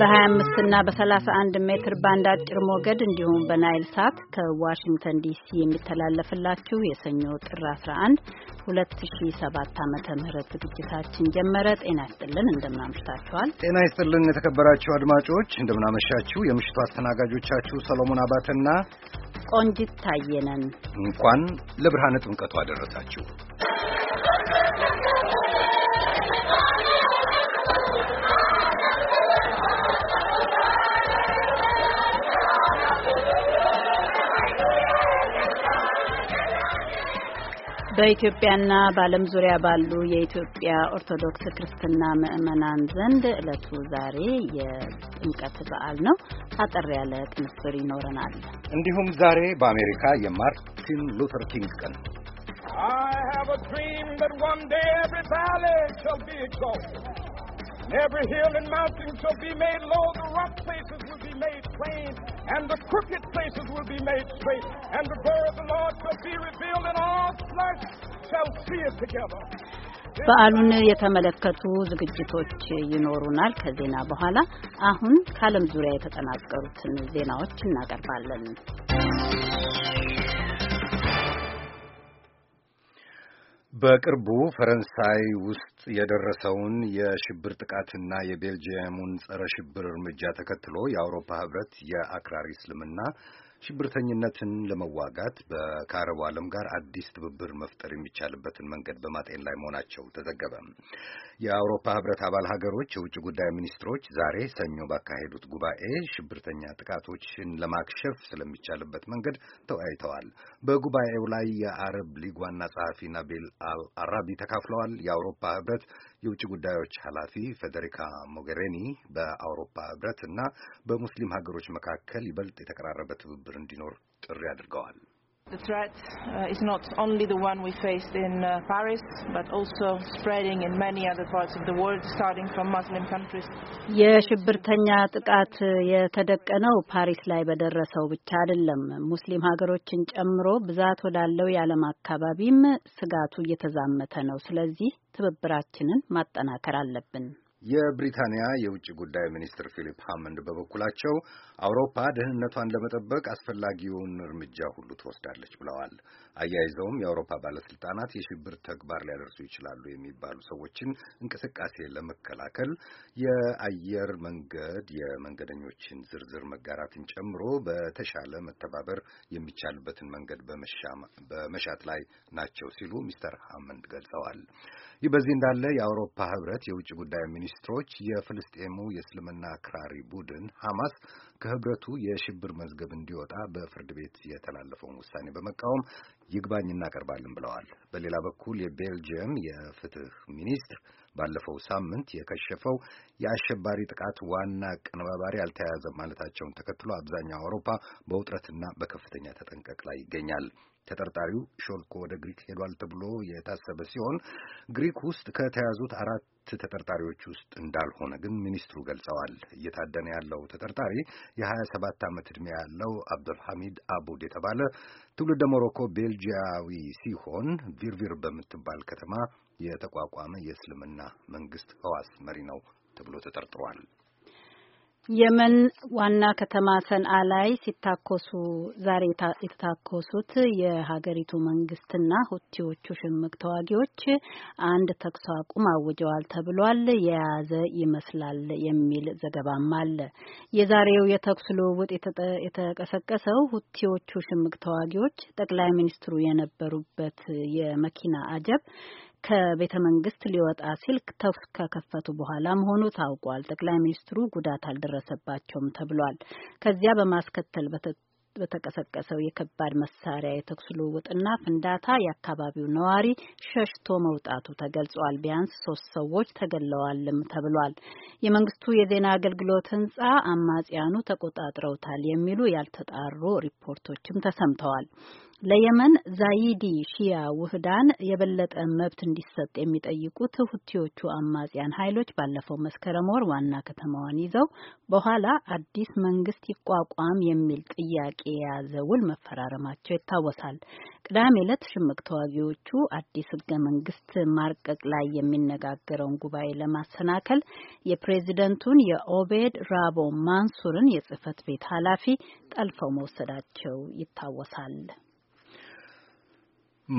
በ25 እና በ31 ሜትር ባንድ አጭር ሞገድ እንዲሁም በናይል ሳት ከዋሽንግተን ዲሲ የሚተላለፍላችሁ የሰኞ ጥር 11 2007 ዓ ም ዝግጅታችን ጀመረ። ጤና ይስጥልን፣ እንደምናምሽታችኋል። ጤና ይስጥልን የተከበራችሁ አድማጮች፣ እንደምናመሻችሁ። የምሽቱ አስተናጋጆቻችሁ ሰሎሞን አባተና ቆንጂት ታየነን። እንኳን ለብርሃነ ጥምቀቱ አደረሳችሁ። በኢትዮጵያና በዓለም ዙሪያ ባሉ የኢትዮጵያ ኦርቶዶክስ ክርስትና ምዕመናን ዘንድ እለቱ ዛሬ የጥምቀት በዓል ነው። አጠር ያለ ቅንብር ይኖረናል። እንዲሁም ዛሬ በአሜሪካ የማርቲን ሉተር ኪንግ ቀን I have a dream that one day every valley shall be exalted. And every hill and mountain shall be made low, the rough places will be made plain, and the crooked places will be made straight. And the glory of the Lord shall be revealed, and all flesh shall see it together. በዓሉን የተመለከቱ ዝግጅቶች ይኖሩናል ከዜና በኋላ። አሁን ከዓለም ዙሪያ የተጠናቀሩትን ዜናዎች እናቀርባለን። በቅርቡ ፈረንሳይ ውስጥ ውስጥ የደረሰውን የሽብር ጥቃትና የቤልጅየሙን ጸረ ሽብር እርምጃ ተከትሎ የአውሮፓ ህብረት የአክራሪ እስልምና ሽብርተኝነትን ለመዋጋት ከአረቡ ዓለም ጋር አዲስ ትብብር መፍጠር የሚቻልበትን መንገድ በማጤን ላይ መሆናቸው ተዘገበ። የአውሮፓ ህብረት አባል ሀገሮች የውጭ ጉዳይ ሚኒስትሮች ዛሬ ሰኞ ባካሄዱት ጉባኤ ሽብርተኛ ጥቃቶችን ለማክሸፍ ስለሚቻልበት መንገድ ተወያይተዋል። በጉባኤው ላይ የአረብ ሊግ ዋና ጸሐፊ ናቢል አራቢ ተካፍለዋል። የአውሮፓ ህብረት የውጭ ጉዳዮች ኃላፊ ፌዴሪካ ሞገሬኒ በአውሮፓ ህብረት እና በሙስሊም ሀገሮች መካከል ይበልጥ የተቀራረበ ትብብር እንዲኖር ጥሪ አድርገዋል። The threat uh, is not only the one we faced in uh, Paris, but also spreading in many other parts of the world, starting from Muslim countries. የሽብርተኛ ጥቃት የተደቀነው ፓሪስ ላይ በደረሰው ብቻ አይደለም። ሙስሊም ሀገሮችን ጨምሮ ብዛት ወዳለው የዓለም አካባቢም ስጋቱ እየተዛመተ ነው። ስለዚህ ትብብራችንን ማጠናከር አለብን። የብሪታንያ የውጭ ጉዳይ ሚኒስትር ፊሊፕ ሃመንድ በበኩላቸው አውሮፓ ደህንነቷን ለመጠበቅ አስፈላጊውን እርምጃ ሁሉ ትወስዳለች ብለዋል። አያይዘውም የአውሮፓ ባለስልጣናት የሽብር ተግባር ሊያደርሱ ይችላሉ የሚባሉ ሰዎችን እንቅስቃሴ ለመከላከል የአየር መንገድ የመንገደኞችን ዝርዝር መጋራትን ጨምሮ በተሻለ መተባበር የሚቻልበትን መንገድ በመሻት ላይ ናቸው ሲሉ ሚስተር ሃመንድ ገልጸዋል። ይህ በዚህ እንዳለ የአውሮፓ ህብረት የውጭ ጉዳይ ሚኒስትሮች የፍልስጤሙ የእስልምና አክራሪ ቡድን ሐማስ ከህብረቱ የሽብር መዝገብ እንዲወጣ በፍርድ ቤት የተላለፈውን ውሳኔ በመቃወም ይግባኝ እናቀርባለን ብለዋል። በሌላ በኩል የቤልጅየም የፍትህ ሚኒስትር ባለፈው ሳምንት የከሸፈው የአሸባሪ ጥቃት ዋና ቀነባባሪ አልተያያዘም ማለታቸውን ተከትሎ አብዛኛው አውሮፓ በውጥረትና በከፍተኛ ተጠንቀቅ ላይ ይገኛል። ተጠርጣሪው ሾልኮ ወደ ግሪክ ሄዷል ተብሎ የታሰበ ሲሆን ግሪክ ውስጥ ከተያዙት አራት ተጠርጣሪዎች ውስጥ እንዳልሆነ ግን ሚኒስትሩ ገልጸዋል። እየታደነ ያለው ተጠርጣሪ የ27 ዓመት ዕድሜ ያለው አብዱልሐሚድ አቡድ የተባለ ትውልደ ሞሮኮ ቤልጂያዊ ሲሆን ቪርቪር በምትባል ከተማ የተቋቋመ የእስልምና መንግስት ህዋስ መሪ ነው ተብሎ ተጠርጥሯል። የመን ዋና ከተማ ሰንአ ላይ ሲታኮሱ ዛሬ የተታኮሱት የሀገሪቱ መንግስትና ሁቲዎቹ ሽምቅ ተዋጊዎች አንድ ተኩስ አቁም አውጀዋል ተብሏል። የያዘ ይመስላል የሚል ዘገባም አለ። የዛሬው የተኩስ ልውውጥ የተቀሰቀሰው ሁቲዎቹ ሽምቅ ተዋጊዎች ጠቅላይ ሚኒስትሩ የነበሩበት የመኪና አጀብ ከቤተ መንግስት ሊወጣ ሲል ተኩስ ከከፈቱ በኋላ መሆኑ ታውቋል። ጠቅላይ ሚኒስትሩ ጉዳት አልደረሰባቸውም ተብሏል። ከዚያ በማስከተል በተቀሰቀሰው የከባድ መሳሪያ የተኩስ ልውውጥና ፍንዳታ የአካባቢው ነዋሪ ሸሽቶ መውጣቱ ተገልጿል። ቢያንስ ሶስት ሰዎች ተገለዋልም ተብሏል። የመንግስቱ የዜና አገልግሎት ህንጻ አማጽያኑ ተቆጣጥረውታል የሚሉ ያልተጣሩ ሪፖርቶችም ተሰምተዋል። ለየመን ዛይዲ ሺያ ውህዳን የበለጠ መብት እንዲሰጥ የሚጠይቁት ሁቲዎቹ አማጽያን ኃይሎች ባለፈው መስከረም ወር ዋና ከተማዋን ይዘው በኋላ አዲስ መንግስት ይቋቋም የሚል ጥያቄ የያዘ ውል መፈራረማቸው ይታወሳል። ቅዳሜ ዕለት ሽምቅ ተዋጊዎቹ አዲስ ህገ መንግስት ማርቀቅ ላይ የሚነጋገረውን ጉባኤ ለማሰናከል የፕሬዚደንቱን የኦቤድ ራቦ ማንሱርን የጽህፈት ቤት ኃላፊ ጠልፈው መውሰዳቸው ይታወሳል።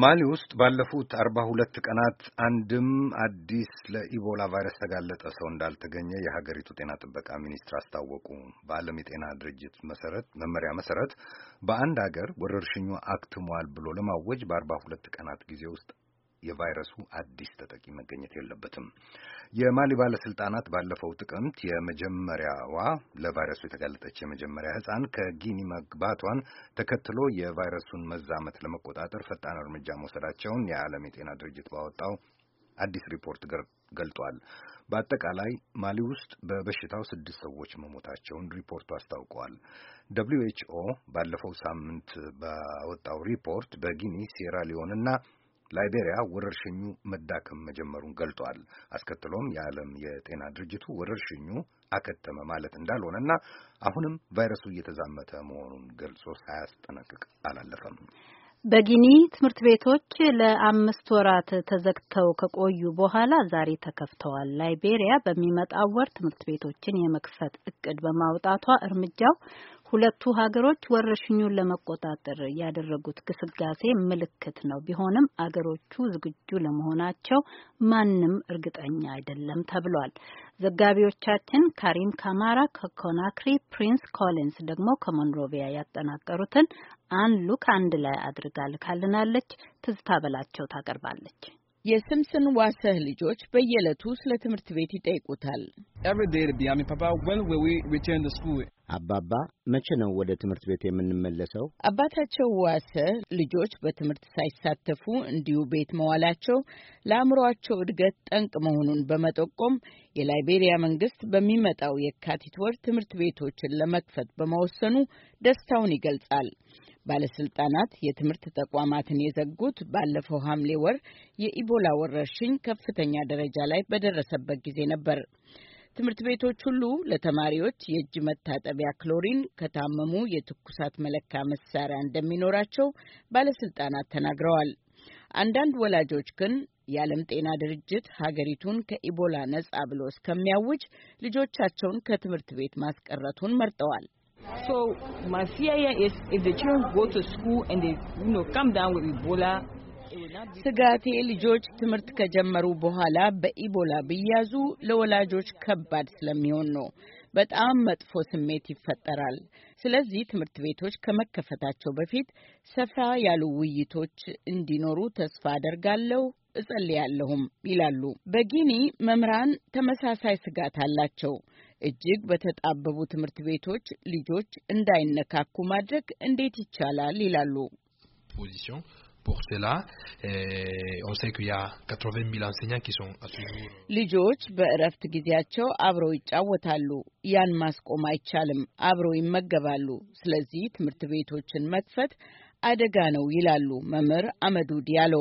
ማሊ ውስጥ ባለፉት አርባ ሁለት ቀናት አንድም አዲስ ለኢቦላ ቫይረስ ተጋለጠ ሰው እንዳልተገኘ የሀገሪቱ ጤና ጥበቃ ሚኒስትር አስታወቁ። በዓለም የጤና ድርጅት መሰረት መመሪያ መሰረት በአንድ ሀገር ወረርሽኙ አክትሟል ብሎ ለማወጅ በአርባ ሁለት ቀናት ጊዜ ውስጥ የቫይረሱ አዲስ ተጠቂ መገኘት የለበትም። የማሊ ባለስልጣናት ባለፈው ጥቅምት የመጀመሪያዋ ለቫይረሱ የተጋለጠች የመጀመሪያ ህፃን ከጊኒ መግባቷን ተከትሎ የቫይረሱን መዛመት ለመቆጣጠር ፈጣን እርምጃ መውሰዳቸውን የዓለም የጤና ድርጅት ባወጣው አዲስ ሪፖርት ገልጧል። በአጠቃላይ ማሊ ውስጥ በበሽታው ስድስት ሰዎች መሞታቸውን ሪፖርቱ አስታውቀዋል። ደብሊዩ ኤች ኦ ባለፈው ሳምንት ባወጣው ሪፖርት በጊኒ ሴራሊዮንና ላይቤሪያ ወረርሽኙ መዳከም መጀመሩን ገልጧል። አስከትሎም የዓለም የጤና ድርጅቱ ወረርሽኙ አከተመ ማለት እንዳልሆነና አሁንም ቫይረሱ እየተዛመተ መሆኑን ገልጾ ሳያስጠነቅቅ አላለፈም። በጊኒ ትምህርት ቤቶች ለአምስት ወራት ተዘግተው ከቆዩ በኋላ ዛሬ ተከፍተዋል። ላይቤሪያ በሚመጣው ወር ትምህርት ቤቶችን የመክፈት እቅድ በማውጣቷ እርምጃው ሁለቱ ሀገሮች ወረርሽኙን ለመቆጣጠር ያደረጉት ግስጋሴ ምልክት ነው። ቢሆንም አገሮቹ ዝግጁ ለመሆናቸው ማንም እርግጠኛ አይደለም ተብሏል። ዘጋቢዎቻችን ካሪም ካማራ ከኮናክሪ፣ ፕሪንስ ኮሊንስ ደግሞ ከሞንሮቪያ ያጠናቀሩትን አን ሉክ አንድ ላይ አድርጋ ልካልናለች። ትዝታ በላቸው ታቀርባለች። የስምስን ዋሰህ ልጆች በየዕለቱ ስለ ትምህርት ቤት ይጠይቁታል። አባባ መቼ ነው ወደ ትምህርት ቤት የምንመለሰው? አባታቸው ዋሰህ ልጆች በትምህርት ሳይሳተፉ እንዲሁ ቤት መዋላቸው ለአእምሯቸው እድገት ጠንቅ መሆኑን በመጠቆም የላይቤሪያ መንግስት በሚመጣው የካቲት ወር ትምህርት ቤቶችን ለመክፈት በመወሰኑ ደስታውን ይገልጻል። ባለስልጣናት የትምህርት ተቋማትን የዘጉት ባለፈው ሐምሌ ወር የኢቦላ ወረርሽኝ ከፍተኛ ደረጃ ላይ በደረሰበት ጊዜ ነበር። ትምህርት ቤቶች ሁሉ ለተማሪዎች የእጅ መታጠቢያ ክሎሪን ከታመሙ የትኩሳት መለካ መሳሪያ እንደሚኖራቸው ባለስልጣናት ተናግረዋል። አንዳንድ ወላጆች ግን የዓለም ጤና ድርጅት ሀገሪቱን ከኢቦላ ነጻ ብሎ እስከሚያውጅ ልጆቻቸውን ከትምህርት ቤት ማስቀረቱን መርጠዋል። So my fear here is if the children go to school and they you know come down with Ebola. ስጋቴ ልጆች ትምህርት ከጀመሩ በኋላ በኢቦላ ቢያዙ ለወላጆች ከባድ ስለሚሆን ነው። በጣም መጥፎ ስሜት ይፈጠራል። ስለዚህ ትምህርት ቤቶች ከመከፈታቸው በፊት ሰፋ ያሉ ውይይቶች እንዲኖሩ ተስፋ አደርጋለሁ እጸልያለሁም ይላሉ። በጊኒ መምህራን ተመሳሳይ ስጋት አላቸው። እጅግ በተጣበቡ ትምህርት ቤቶች ልጆች እንዳይነካኩ ማድረግ እንዴት ይቻላል? ይላሉ። eh, ልጆች በእረፍት ጊዜያቸው አብረው ይጫወታሉ። ያን ማስቆም አይቻልም። አብረው ይመገባሉ። ስለዚህ ትምህርት ቤቶችን መክፈት አደጋ ነው ይላሉ መምህር አመዱ ዲያሎ።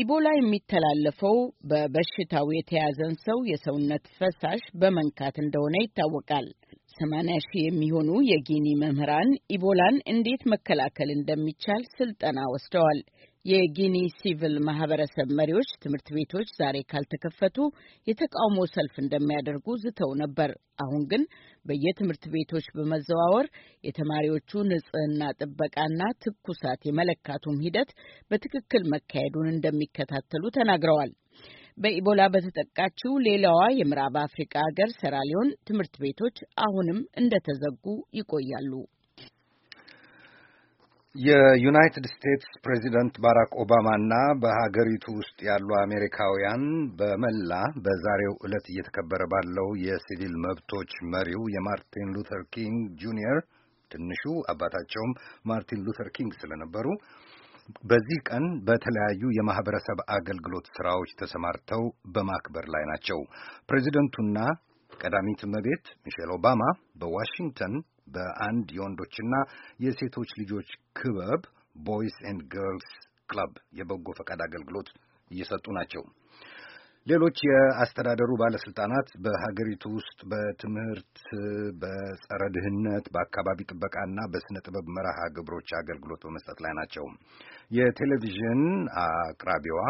ኢቦላ የሚተላለፈው በበሽታው የተያዘን ሰው የሰውነት ፈሳሽ በመንካት እንደሆነ ይታወቃል። 8 ሺህ የሚሆኑ የጊኒ መምህራን ኢቦላን እንዴት መከላከል እንደሚቻል ስልጠና ወስደዋል። የጊኒ ሲቪል ማህበረሰብ መሪዎች ትምህርት ቤቶች ዛሬ ካልተከፈቱ የተቃውሞ ሰልፍ እንደሚያደርጉ ዝተው ነበር። አሁን ግን በየትምህርት ቤቶች በመዘዋወር የተማሪዎቹ ንጽህና ጥበቃና ትኩሳት የመለካቱም ሂደት በትክክል መካሄዱን እንደሚከታተሉ ተናግረዋል። በኢቦላ በተጠቃችው ሌላዋ የምዕራብ አፍሪቃ ሀገር ሰራሊዮን ትምህርት ቤቶች አሁንም እንደተዘጉ ይቆያሉ። የዩናይትድ ስቴትስ ፕሬዚደንት ባራክ ኦባማና በሀገሪቱ ውስጥ ያሉ አሜሪካውያን በመላ በዛሬው ዕለት እየተከበረ ባለው የሲቪል መብቶች መሪው የማርቲን ሉተር ኪንግ ጁኒየር ትንሹ አባታቸውም ማርቲን ሉተር ኪንግ ስለነበሩ በዚህ ቀን በተለያዩ የማህበረሰብ አገልግሎት ስራዎች ተሰማርተው በማክበር ላይ ናቸው። ፕሬዚደንቱና ቀዳሚት እመቤት ሚሼል ኦባማ በዋሽንግተን በአንድ የወንዶችና የሴቶች ልጆች ክበብ ቦይስ ኤንድ ገርልስ ክለብ የበጎ ፈቃድ አገልግሎት እየሰጡ ናቸው። ሌሎች የአስተዳደሩ ባለስልጣናት በሀገሪቱ ውስጥ በትምህርት፣ በጸረ ድህነት፣ በአካባቢ ጥበቃና በሥነ ጥበብ መርሃ ግብሮች አገልግሎት በመስጠት ላይ ናቸው። የቴሌቪዥን አቅራቢዋ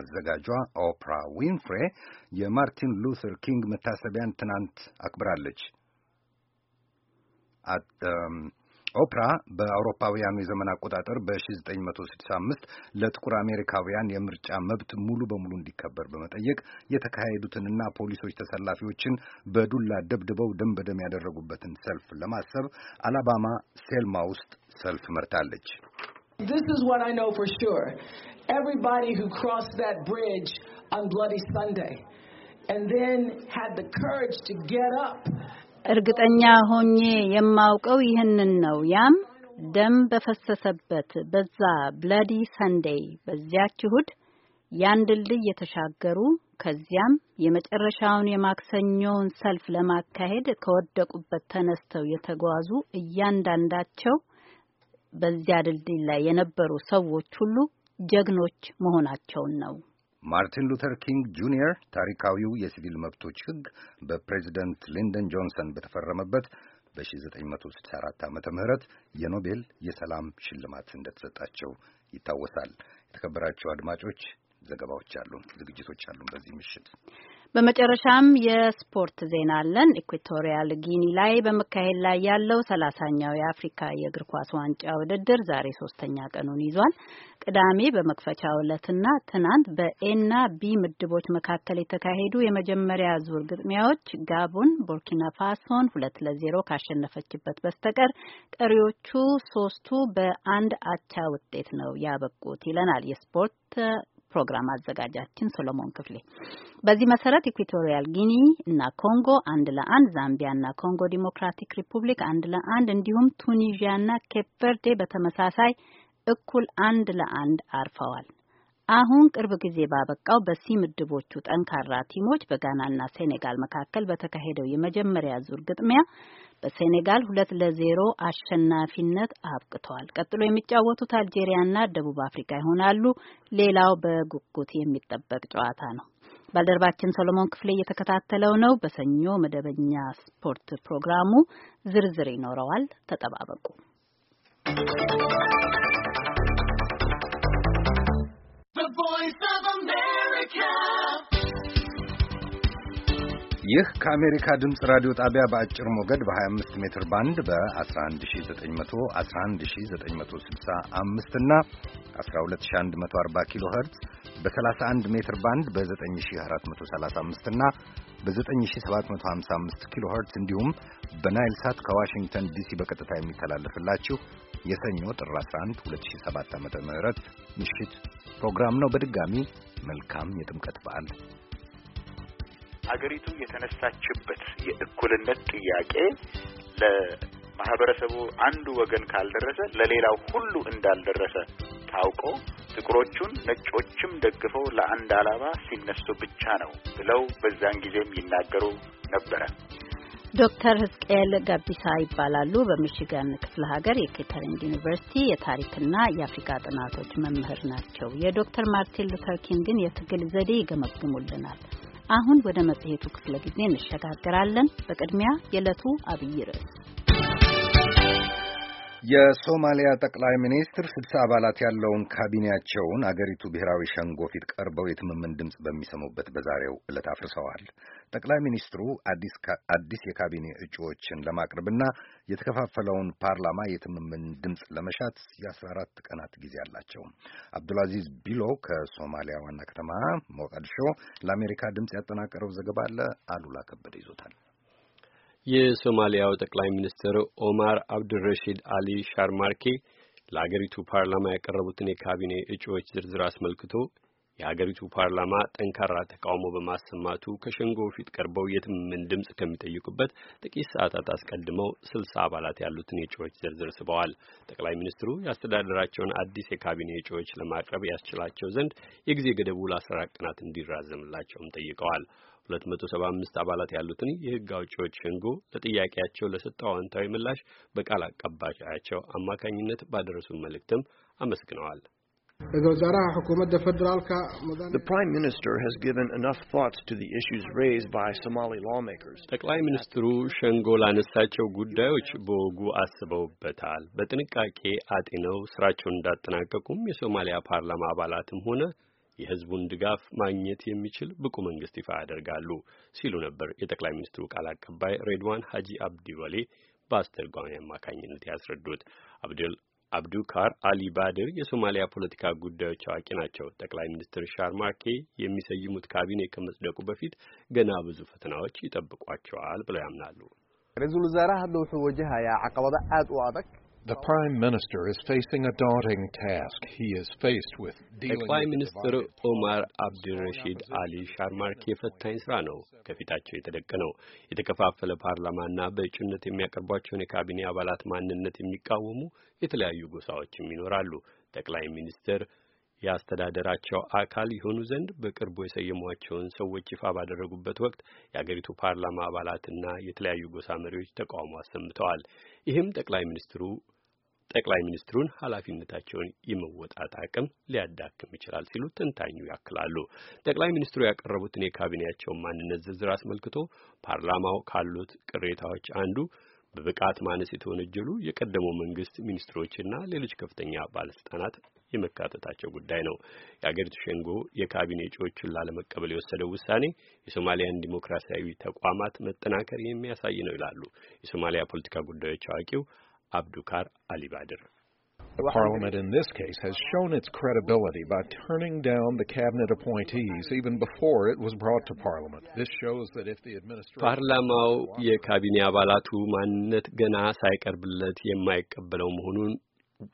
አዘጋጇ ኦፕራ ዊንፍሬ የማርቲን ሉተር ኪንግ መታሰቢያን ትናንት አክብራለች። ኦፕራ በአውሮፓውያኑ የዘመን አቆጣጠር በ1965 ለጥቁር አሜሪካውያን የምርጫ መብት ሙሉ በሙሉ እንዲከበር በመጠየቅ የተካሄዱትንና ፖሊሶች ተሰላፊዎችን በዱላ ደብድበው ደም በደም ያደረጉበትን ሰልፍ ለማሰብ አላባማ ሴልማ ውስጥ ሰልፍ መርታለች። And then had the courage to get up እርግጠኛ ሆኜ የማውቀው ይህንን ነው። ያም ደም በፈሰሰበት በዛ ብላዲ ሰንዴይ በዚያች እሁድ ያን ድልድይ የተሻገሩ ከዚያም የመጨረሻውን የማክሰኞውን ሰልፍ ለማካሄድ ከወደቁበት ተነስተው የተጓዙ እያንዳንዳቸው በዚያ ድልድይ ላይ የነበሩ ሰዎች ሁሉ ጀግኖች መሆናቸውን ነው ማርቲን ሉተር ኪንግ ጁኒየር ታሪካዊው የሲቪል መብቶች ሕግ በፕሬዚደንት ሊንደን ጆንሰን በተፈረመበት በ1964 ዓ ም የኖቤል የሰላም ሽልማት እንደተሰጣቸው ይታወሳል። የተከበራቸው አድማጮች ዘገባዎች አሉን፣ ዝግጅቶች አሉን በዚህ ምሽት በመጨረሻም የስፖርት ዜና አለን። ኢኳቶሪያል ጊኒ ላይ በመካሄድ ላይ ያለው ሰላሳኛው የአፍሪካ የእግር ኳስ ዋንጫ ውድድር ዛሬ ሶስተኛ ቀኑን ይዟል። ቅዳሜ በመክፈቻ ዕለትና ትናንት በኤና ቢ ምድቦች መካከል የተካሄዱ የመጀመሪያ ዙር ግጥሚያዎች ጋቡን ቡርኪና ፋሶን ሁለት ለዜሮ ካሸነፈችበት በስተቀር ቀሪዎቹ ሶስቱ በአንድ አቻ ውጤት ነው ያበቁት ይለናል የስፖርት ፕሮግራም አዘጋጃችን ሶሎሞን ክፍሌ። በዚህ መሰረት ኢኩቶሪያል ጊኒ እና ኮንጎ አንድ ለአንድ፣ ዛምቢያ እና ኮንጎ ዲሞክራቲክ ሪፑብሊክ አንድ ለአንድ እንዲሁም ቱኒዥያ እና ኬፕ ቨርዴ በተመሳሳይ እኩል አንድ ለአንድ አርፈዋል። አሁን ቅርብ ጊዜ ባበቃው በሲ ምድቦቹ ጠንካራ ቲሞች በጋናና ሴኔጋል መካከል በተካሄደው የመጀመሪያ ዙር ግጥሚያ በሴኔጋል ሁለት ለዜሮ አሸናፊነት አብቅተዋል። ቀጥሎ የሚጫወቱት አልጄሪያና ደቡብ አፍሪካ ይሆናሉ። ሌላው በጉጉት የሚጠበቅ ጨዋታ ነው። ባልደረባችን ሰሎሞን ክፍሌ እየተከታተለው ነው። በሰኞ መደበኛ ስፖርት ፕሮግራሙ ዝርዝር ይኖረዋል። ተጠባበቁ። ይህ ከአሜሪካ ድምፅ ራዲዮ ጣቢያ በአጭር ሞገድ በ25 ሜትር ባንድ በ11911965 እና 12140 ኪሎ ኸርትዝ በ31 ሜትር ባንድ በ9435 እና በ9755 ኪሎ ኸርትዝ እንዲሁም በናይል ሳት ከዋሽንግተን ዲሲ በቀጥታ የሚተላለፍላችሁ የሰኞ ጥር 11 2007 ዓ.ም ምሽት ፕሮግራም ነው። በድጋሚ መልካም የጥምቀት በዓል አገሪቱ የተነሳችበት የእኩልነት ጥያቄ ለማህበረሰቡ አንዱ ወገን ካልደረሰ ለሌላው ሁሉ እንዳልደረሰ ታውቆ ጥቁሮቹን ነጮችም ደግፈው ለአንድ ዓላማ ሲነሱ ብቻ ነው ብለው በዛን ጊዜም ይናገሩ ነበረ። ዶክተር ህዝቅኤል ጋቢሳ ይባላሉ። በሚሽጋን ክፍለ ሀገር የኬተሪንግ ዩኒቨርሲቲ የታሪክና የአፍሪካ ጥናቶች መምህር ናቸው። የዶክተር ማርቲን ሉተር ኪንግን የትግል ዘዴ ይገመግሙልናል። አሁን ወደ መጽሔቱ ክፍለ ጊዜ እንሸጋገራለን። በቅድሚያ የዕለቱ አብይ ርዕስ የሶማሊያ ጠቅላይ ሚኒስትር ስድሳ አባላት ያለውን ካቢኔያቸውን አገሪቱ ብሔራዊ ሸንጎ ፊት ቀርበው የትምምን ድምፅ በሚሰሙበት በዛሬው ዕለት አፍርሰዋል። ጠቅላይ ሚኒስትሩ አዲስ የካቢኔ እጩዎችን ለማቅረብና የተከፋፈለውን ፓርላማ የትምምን ድምፅ ለመሻት የአስራ አራት ቀናት ጊዜ አላቸው። አብዱልአዚዝ ቢሎ ከሶማሊያ ዋና ከተማ ሞቃዲሾ ለአሜሪካ ድምፅ ያጠናቀረው ዘገባ አለ። አሉላ ከበደ ይዞታል። የሶማሊያው ጠቅላይ ሚኒስትር ኦማር አብዱልረሺድ አሊ ሻርማርኬ ለአገሪቱ ፓርላማ ያቀረቡትን የካቢኔ እጩዎች ዝርዝር አስመልክቶ የአገሪቱ ፓርላማ ጠንካራ ተቃውሞ በማሰማቱ ከሸንጎው ፊት ቀርበው የትምምን ድምፅ ከሚጠይቁበት ጥቂት ሰዓታት አስቀድመው ስልሳ አባላት ያሉትን የእጩዎች ዝርዝር ስበዋል። ጠቅላይ ሚኒስትሩ የአስተዳደራቸውን አዲስ የካቢኔ እጩዎች ለማቅረብ ያስችላቸው ዘንድ የጊዜ ገደቡ ለአስራ አራት ቀናት እንዲራዘምላቸውም ጠይቀዋል። 275 አባላት ያሉትን የህግ አውጪዎች ሸንጎ ለጥያቄያቸው ለሰጠው አዎንታዊ ምላሽ በቃል አቀባያቸው አማካኝነት ባደረሱን መልእክትም አመስግነዋል። The Prime Minister has given enough thought to the issues raised by Somali lawmakers. ጠቅላይ ሚኒስትሩ ሸንጎ ላነሳቸው ጉዳዮች በወጉ አስበውበታል። በጥንቃቄ አጤነው ስራቸውን እንዳጠናቀቁም የሶማሊያ ፓርላማ አባላትም ሆነ የህዝቡን ድጋፍ ማግኘት የሚችል ብቁ መንግስት ይፋ ያደርጋሉ ሲሉ ነበር የጠቅላይ ሚኒስትሩ ቃል አቀባይ ሬድዋን ሀጂ አብዲ ወሌ በአስተርጓሚ አማካኝነት ያስረዱት። አብዱል አብዱካር አሊ ባድር የሶማሊያ ፖለቲካ ጉዳዮች አዋቂ ናቸው። ጠቅላይ ሚኒስትር ሻርማኬ የሚሰይሙት ካቢኔ ከመጽደቁ በፊት ገና ብዙ ፈተናዎች ይጠብቋቸዋል ብለው ያምናሉ። رئيس الوزراء هذا وجهها አቀባዳ عقبة The Prime Minister is facing a daunting task. He is faced with ጠቅላይ ሚኒስትር ኦማር አብዱልረሺድ አሊ ሻርማርክ የፈታኝ ስራ ነው ከፊታቸው የተደቀነው። የተከፋፈለ ፓርላማና በእጩነት የሚያቀርቧቸውን የካቢኔ አባላት ማንነት የሚቃወሙ የተለያዩ ጎሳዎችም ይኖራሉ። ጠቅላይ ሚኒስትር የአስተዳደራቸው አካል የሆኑ ዘንድ በቅርቡ የሰየሟቸውን ሰዎች ይፋ ባደረጉበት ወቅት የአገሪቱ ፓርላማ አባላትና የተለያዩ ጎሳ መሪዎች ተቃውሞ አሰምተዋል። ይህም ጠቅላይ ሚኒስትሩ ጠቅላይ ሚኒስትሩን ኃላፊነታቸውን የመወጣት አቅም ሊያዳክም ይችላል ሲሉ ተንታኙ ያክላሉ። ጠቅላይ ሚኒስትሩ ያቀረቡትን የካቢኔያቸውን ማንነት ዝርዝር አስመልክቶ ፓርላማው ካሉት ቅሬታዎች አንዱ በብቃት ማነስ የተወነጀሉ የቀደመው መንግስት ሚኒስትሮችና ሌሎች ከፍተኛ ባለስልጣናት የመካተታቸው ጉዳይ ነው። የአገሪቱ ሸንጎ የካቢኔ እጩዎቹን ላለመቀበል የወሰደው ውሳኔ የሶማሊያን ዲሞክራሲያዊ ተቋማት መጠናከር የሚያሳይ ነው ይላሉ የሶማሊያ ፖለቲካ ጉዳዮች አዋቂው አብዱካር አሊባድር Parliament in this case has shown its credibility by turning down the cabinet appointees even before it was brought to Parliament. This shows that if the administration ፓርላማው የካቢኔ አባላቱ ማንነት ገና ሳይቀርብለት የማይቀበለው መሆኑን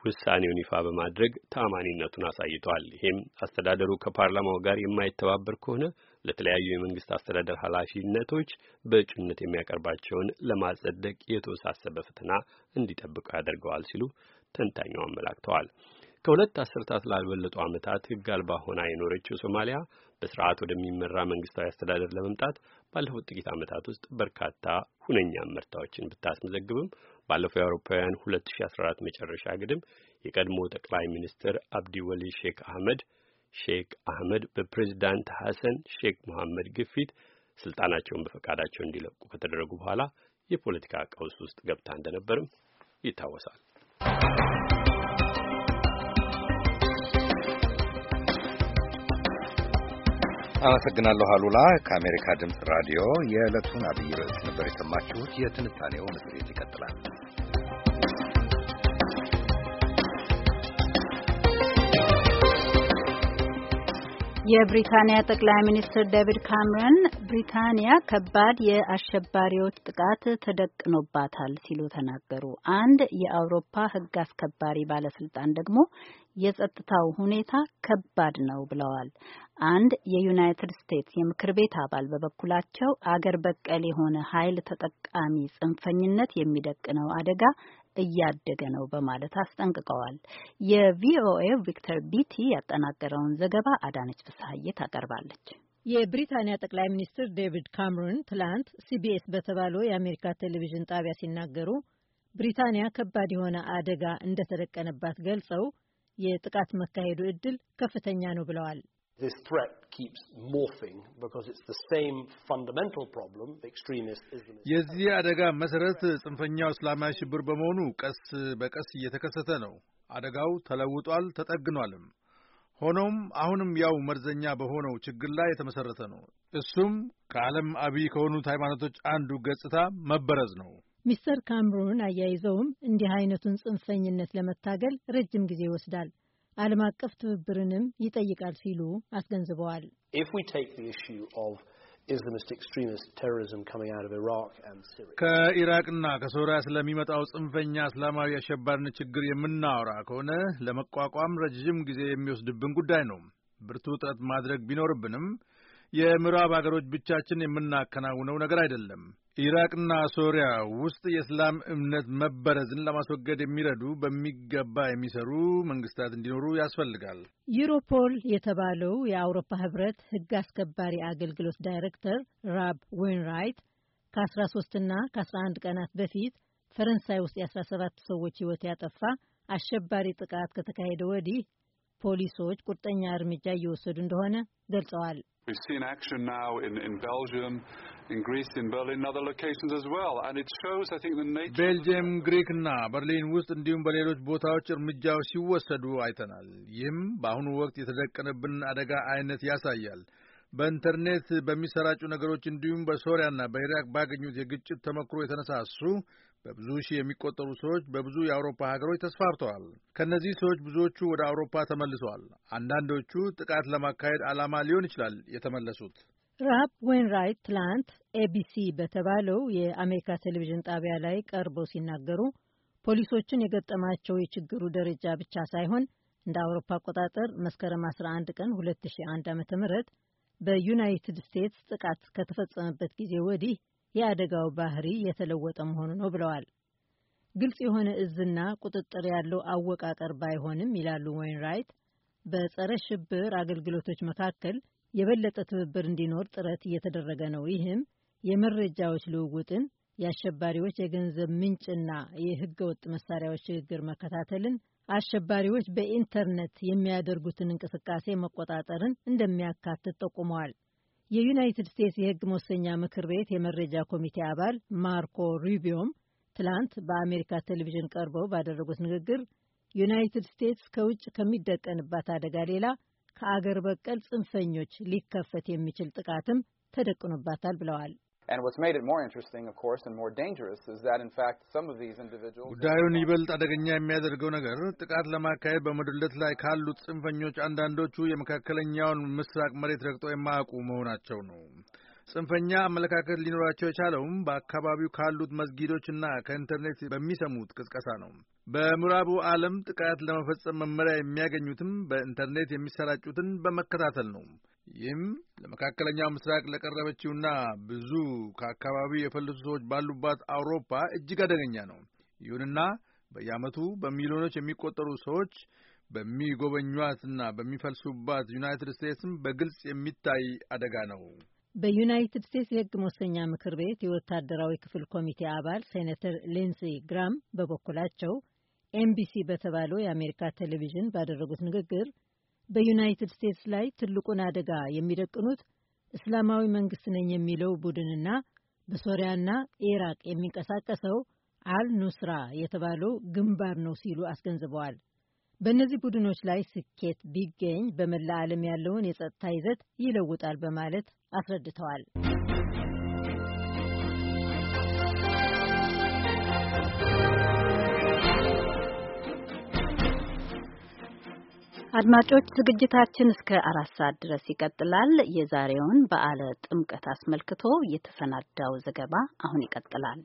ውሳኔውን ይፋ በማድረግ ተአማኒነቱን አሳይቷል። ይህም አስተዳደሩ ከፓርላማው ጋር የማይተባበር ከሆነ ለተለያዩ የመንግስት አስተዳደር ኃላፊነቶች በእጩነት የሚያቀርባቸውን ለማጸደቅ የተወሳሰበ ፈተና እንዲጠብቁ ያደርገዋል ሲሉ ተንታኙ አመላክተዋል። ከሁለት አስርታት ላልበለጡ ዓመታት ሕግ አልባ ሆና የኖረችው ሶማሊያ በስርዓት ወደሚመራ መንግስታዊ አስተዳደር ለመምጣት ባለፉት ጥቂት ዓመታት ውስጥ በርካታ ሁነኛ ምርታዎችን ብታስመዘግብም ባለፈው የአውሮፓውያን 2014 መጨረሻ ግድም የቀድሞ ጠቅላይ ሚኒስትር አብዲ ወሊ ሼክ አህመድ ሼክ አህመድ በፕሬዚዳንት ሐሰን ሼክ መሐመድ ግፊት ስልጣናቸውን በፈቃዳቸው እንዲለቁ ከተደረጉ በኋላ የፖለቲካ ቀውስ ውስጥ ገብታ እንደነበርም ይታወሳል። አመሰግናለሁ አሉላ። ከአሜሪካ ድምፅ ራዲዮ የዕለቱን አብይ ርዕስ ነበር የሰማችሁት። የትንታኔው መጽሔት ይቀጥላል። የብሪታንያ ጠቅላይ ሚኒስትር ዴቪድ ካምረን ብሪታንያ ከባድ የአሸባሪዎች ጥቃት ተደቅኖባታል ሲሉ ተናገሩ። አንድ የአውሮፓ ሕግ አስከባሪ ባለስልጣን ደግሞ የጸጥታው ሁኔታ ከባድ ነው ብለዋል። አንድ የዩናይትድ ስቴትስ የምክር ቤት አባል በበኩላቸው አገር በቀል የሆነ ኃይል ተጠቃሚ ጽንፈኝነት የሚደቅነው አደጋ እያደገ ነው በማለት አስጠንቅቀዋል። የቪኦኤ ቪክተር ቢቲ ያጠናቀረውን ዘገባ አዳነች ፍስሐዬ ታቀርባለች። የብሪታንያ ጠቅላይ ሚኒስትር ዴቪድ ካምሮን ትላንት ሲቢኤስ በተባለው የአሜሪካ ቴሌቪዥን ጣቢያ ሲናገሩ ብሪታንያ ከባድ የሆነ አደጋ እንደተደቀነባት ገልጸው የጥቃት መካሄዱ እድል ከፍተኛ ነው ብለዋል። this threat keeps morphing because it's the same fundamental problem extremist Islam. የዚህ አደጋ መሰረት ጽንፈኛው እስላማዊ ሽብር በመሆኑ ቀስ በቀስ እየተከሰተ ነው። አደጋው ተለውጧል፣ ተጠግኗልም። ሆኖም አሁንም ያው መርዘኛ በሆነው ችግር ላይ የተመሰረተ ነው። እሱም ከዓለም አብይ ከሆኑት ሃይማኖቶች አንዱ ገጽታ መበረዝ ነው። ሚስተር ካምሮን አያይዘውም እንዲህ አይነቱን ጽንፈኝነት ለመታገል ረጅም ጊዜ ይወስዳል ዓለም አቀፍ ትብብርንም ይጠይቃል ሲሉ አስገንዝበዋል። ከኢራቅና ከሶሪያ ስለሚመጣው ጽንፈኛ እስላማዊ አሸባሪነት ችግር የምናወራ ከሆነ ለመቋቋም ረጅም ጊዜ የሚወስድብን ጉዳይ ነው። ብርቱ ጥረት ማድረግ ቢኖርብንም የምዕራብ አገሮች ብቻችን የምናከናውነው ነገር አይደለም። ኢራቅና ሶሪያ ውስጥ የእስላም እምነት መበረዝን ለማስወገድ የሚረዱ በሚገባ የሚሰሩ መንግስታት እንዲኖሩ ያስፈልጋል። ዩሮፖል የተባለው የአውሮፓ ህብረት ህግ አስከባሪ አገልግሎት ዳይሬክተር ራብ ዌንራይት ከ13ና ከ11 ቀናት በፊት ፈረንሳይ ውስጥ የ17 ሰዎች ህይወት ያጠፋ አሸባሪ ጥቃት ከተካሄደ ወዲህ ፖሊሶች ቁርጠኛ እርምጃ እየወሰዱ እንደሆነ ገልጸዋል። ቤልጅየም፣ ግሪክና በርሊን ውስጥ እንዲሁም በሌሎች ቦታዎች እርምጃው ሲወሰዱ አይተናል። ይህም በአሁኑ ወቅት የተደቀነብን አደጋ አይነት ያሳያል። በኢንተርኔት በሚሰራጩ ነገሮች እንዲሁም በሶሪያና በኢራቅ ባገኙት የግጭት ተመክሮ የተነሳሱ በብዙ ሺህ የሚቆጠሩ ሰዎች በብዙ የአውሮፓ ሀገሮች ተስፋፍተዋል። ከእነዚህ ሰዎች ብዙዎቹ ወደ አውሮፓ ተመልሰዋል። አንዳንዶቹ ጥቃት ለማካሄድ ዓላማ ሊሆን ይችላል የተመለሱት። ራፕ ዌንራይት ትላንት ኤቢሲ በተባለው የአሜሪካ ቴሌቪዥን ጣቢያ ላይ ቀርበው ሲናገሩ ፖሊሶችን የገጠማቸው የችግሩ ደረጃ ብቻ ሳይሆን እንደ አውሮፓ አቆጣጠር መስከረም 11 ቀን 2001 ዓ.ም በዩናይትድ ስቴትስ ጥቃት ከተፈጸመበት ጊዜ ወዲህ የአደጋው ባህሪ የተለወጠ መሆኑ ነው ብለዋል። ግልጽ የሆነ እዝና ቁጥጥር ያለው አወቃቀር ባይሆንም ይላሉ ወይንራይት በጸረ ሽብር አገልግሎቶች መካከል የበለጠ ትብብር እንዲኖር ጥረት እየተደረገ ነው። ይህም የመረጃዎች ልውውጥን፣ የአሸባሪዎች የገንዘብ ምንጭና የህገወጥ መሳሪያዎች ሽግግር መከታተልን፣ አሸባሪዎች በኢንተርኔት የሚያደርጉትን እንቅስቃሴ መቆጣጠርን እንደሚያካትት ጠቁመዋል። የዩናይትድ ስቴትስ የሕግ መወሰኛ ምክር ቤት የመረጃ ኮሚቴ አባል ማርኮ ሩቢዮም ትላንት በአሜሪካ ቴሌቪዥን ቀርበው ባደረጉት ንግግር ዩናይትድ ስቴትስ ከውጭ ከሚደቀንባት አደጋ ሌላ ከአገር በቀል ጽንፈኞች ሊከፈት የሚችል ጥቃትም ተደቅኖባታል ብለዋል። ጉዳዩን ይበልጥ አደገኛ የሚያደርገው ነገር ጥቃት ለማካሄድ በምድለት ላይ ካሉት ጽንፈኞች አንዳንዶቹ የመካከለኛውን ምስራቅ መሬት ረግጦ የማያውቁ መሆናቸው ነው። ጽንፈኛ አመለካከት ሊኖራቸው የቻለውም በአካባቢው ካሉት መስጊዶችና ከኢንተርኔት በሚሰሙት ቅስቀሳ ነው። በምዕራቡ ዓለም ጥቃት ለመፈጸም መመሪያ የሚያገኙትም በኢንተርኔት የሚሰራጩትን በመከታተል ነው። ይህም ለመካከለኛው ምስራቅ ለቀረበችውና ብዙ ከአካባቢው የፈለሱ ሰዎች ባሉባት አውሮፓ እጅግ አደገኛ ነው። ይሁንና በየዓመቱ በሚሊዮኖች የሚቆጠሩ ሰዎች በሚጎበኟትና በሚፈልሱባት ዩናይትድ ስቴትስም በግልጽ የሚታይ አደጋ ነው። በዩናይትድ ስቴትስ የሕግ መወሰኛ ምክር ቤት የወታደራዊ ክፍል ኮሚቴ አባል ሴኔተር ሊንሲ ግራም በበኩላቸው ኤምቢሲ በተባለው የአሜሪካ ቴሌቪዥን ባደረጉት ንግግር በዩናይትድ ስቴትስ ላይ ትልቁን አደጋ የሚደቅኑት እስላማዊ መንግስት ነኝ የሚለው ቡድንና በሶሪያና ኢራቅ የሚንቀሳቀሰው አል ኑስራ የተባለው ግንባር ነው ሲሉ አስገንዝበዋል። በእነዚህ ቡድኖች ላይ ስኬት ቢገኝ በመላ ዓለም ያለውን የጸጥታ ይዘት ይለውጣል በማለት አስረድተዋል። አድማጮች ዝግጅታችን እስከ አራት ሰዓት ድረስ ይቀጥላል። የዛሬውን በዓለ ጥምቀት አስመልክቶ የተሰናዳው ዘገባ አሁን ይቀጥላል።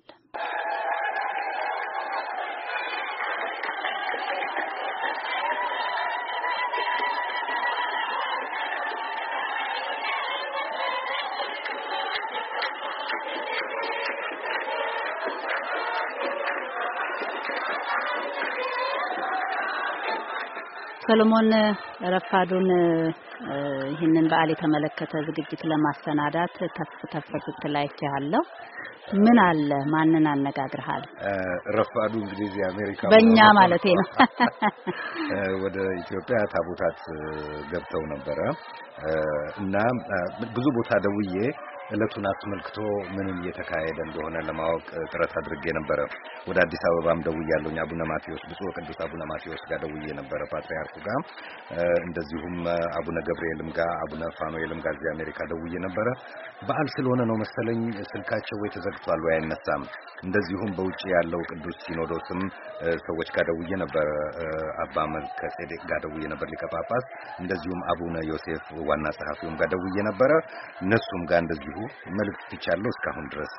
ሰለሞን ረፋዱን ይህንን በዓል የተመለከተ ዝግጅት ለማሰናዳት ተፍ ተፍ ስትላይ ምን አለ? ማንን አነጋግርሃል? ረፋዱ እንግዲህ እዚህ አሜሪካ በእኛ ማለት ነው ወደ ኢትዮጵያ ታቦታት ገብተው ነበረ እና ብዙ ቦታ ደውዬ እለቱን አስመልክቶ ምን እየተካሄደ እንደሆነ ለማወቅ ጥረት አድርጌ ነበረ። ወደ አዲስ አበባም ደውያለሁኝ። አቡነ ማቴዎስ ብፁዕ ወቅዱስ አቡነ ማቴዎስ ጋር ደውዬ ነበረ ፓትርያርኩ ጋር እንደዚሁም አቡነ ገብርኤልም ጋር አቡነ ፋኑኤልም ጋር እዚህ አሜሪካ ደውዬ ነበረ። በዓል ስለሆነ ነው መሰለኝ ስልካቸው ወይ ተዘግቷል ወይ አይነሳም። እንደዚሁም በውጭ ያለው ቅዱስ ሲኖዶስም ሰዎች ጋር ደውዬ ነበረ። አባ መልከ ጼዴቅ ጋር ደውዬ ነበር ሊቀ ጳጳስ፣ እንደዚሁም አቡነ ዮሴፍ ዋና ጸሐፊውም ጋር ደውዬ ነበረ። እነሱም ጋር እንደዚሁ እንዲሁ መልዕክት ትቻለሁ። እስካሁን ድረስ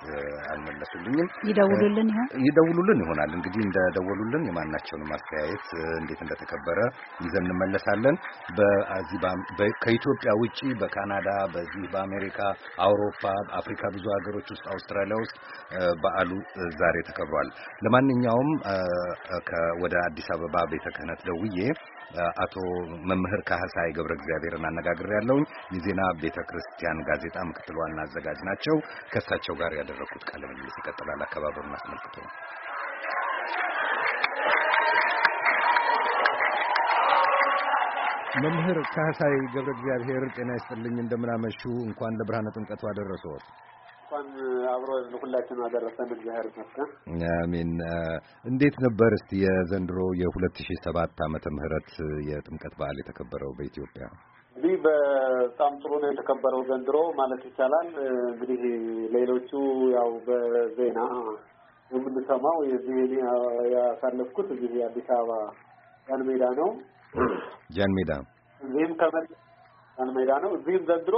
አልመለሱልኝም። ይደውሉልን ይሆን ይደውሉልን ይሆናል እንግዲህ እንደደወሉልን የማናቸውን ማስተያየት እንዴት እንደተከበረ ይዘን እንመለሳለን። ከኢትዮጵያ ውጪ በካናዳ በዚህ በአሜሪካ፣ አውሮፓ፣ አፍሪካ ብዙ ሀገሮች ውስጥ አውስትራሊያ ውስጥ በዓሉ ዛሬ ተከብሯል። ለማንኛውም ወደ አዲስ አበባ ቤተ ክህነት ደውዬ አቶ መምህር ካህሳይ ገብረ እግዚአብሔርን አነጋግሬ ያለውኝ የዜና ቤተ ክርስቲያን ጋዜጣ ምክትል ዋና አዘጋጅ ናቸው። ከእሳቸው ጋር ያደረኩት ቃለ ምልልስ ይቀጥላል። አከባበሩን አስመልክቶ ነው። መምህር ካህሳይ ገብረ እግዚአብሔር ጤና ይስጥልኝ። እንደምናመሹ እንኳን ለብርሃነ ጥምቀቱ አደረሰዎት። እንኳን አብሮ ሁላችን አደረሰን። እግዚአብሔር ይመስገን። አሜን። እንዴት ነበር እስቲ የዘንድሮ የሁለት ሺህ ሰባት ዓመተ ምህረት የጥምቀት በዓል የተከበረው በኢትዮጵያ? እንግዲህ በጣም ጥሩ ነው የተከበረው ዘንድሮ ማለት ይቻላል። እንግዲህ ሌሎቹ ያው በዜና የምንሰማው የዚህ ያሳለፍኩት እዚህ አዲስ አበባ ጃን ሜዳ ነው። ጃን ሜዳ እዚህም ከመ ቀን ሜዳ ነው። እዚህም ዘንድሮ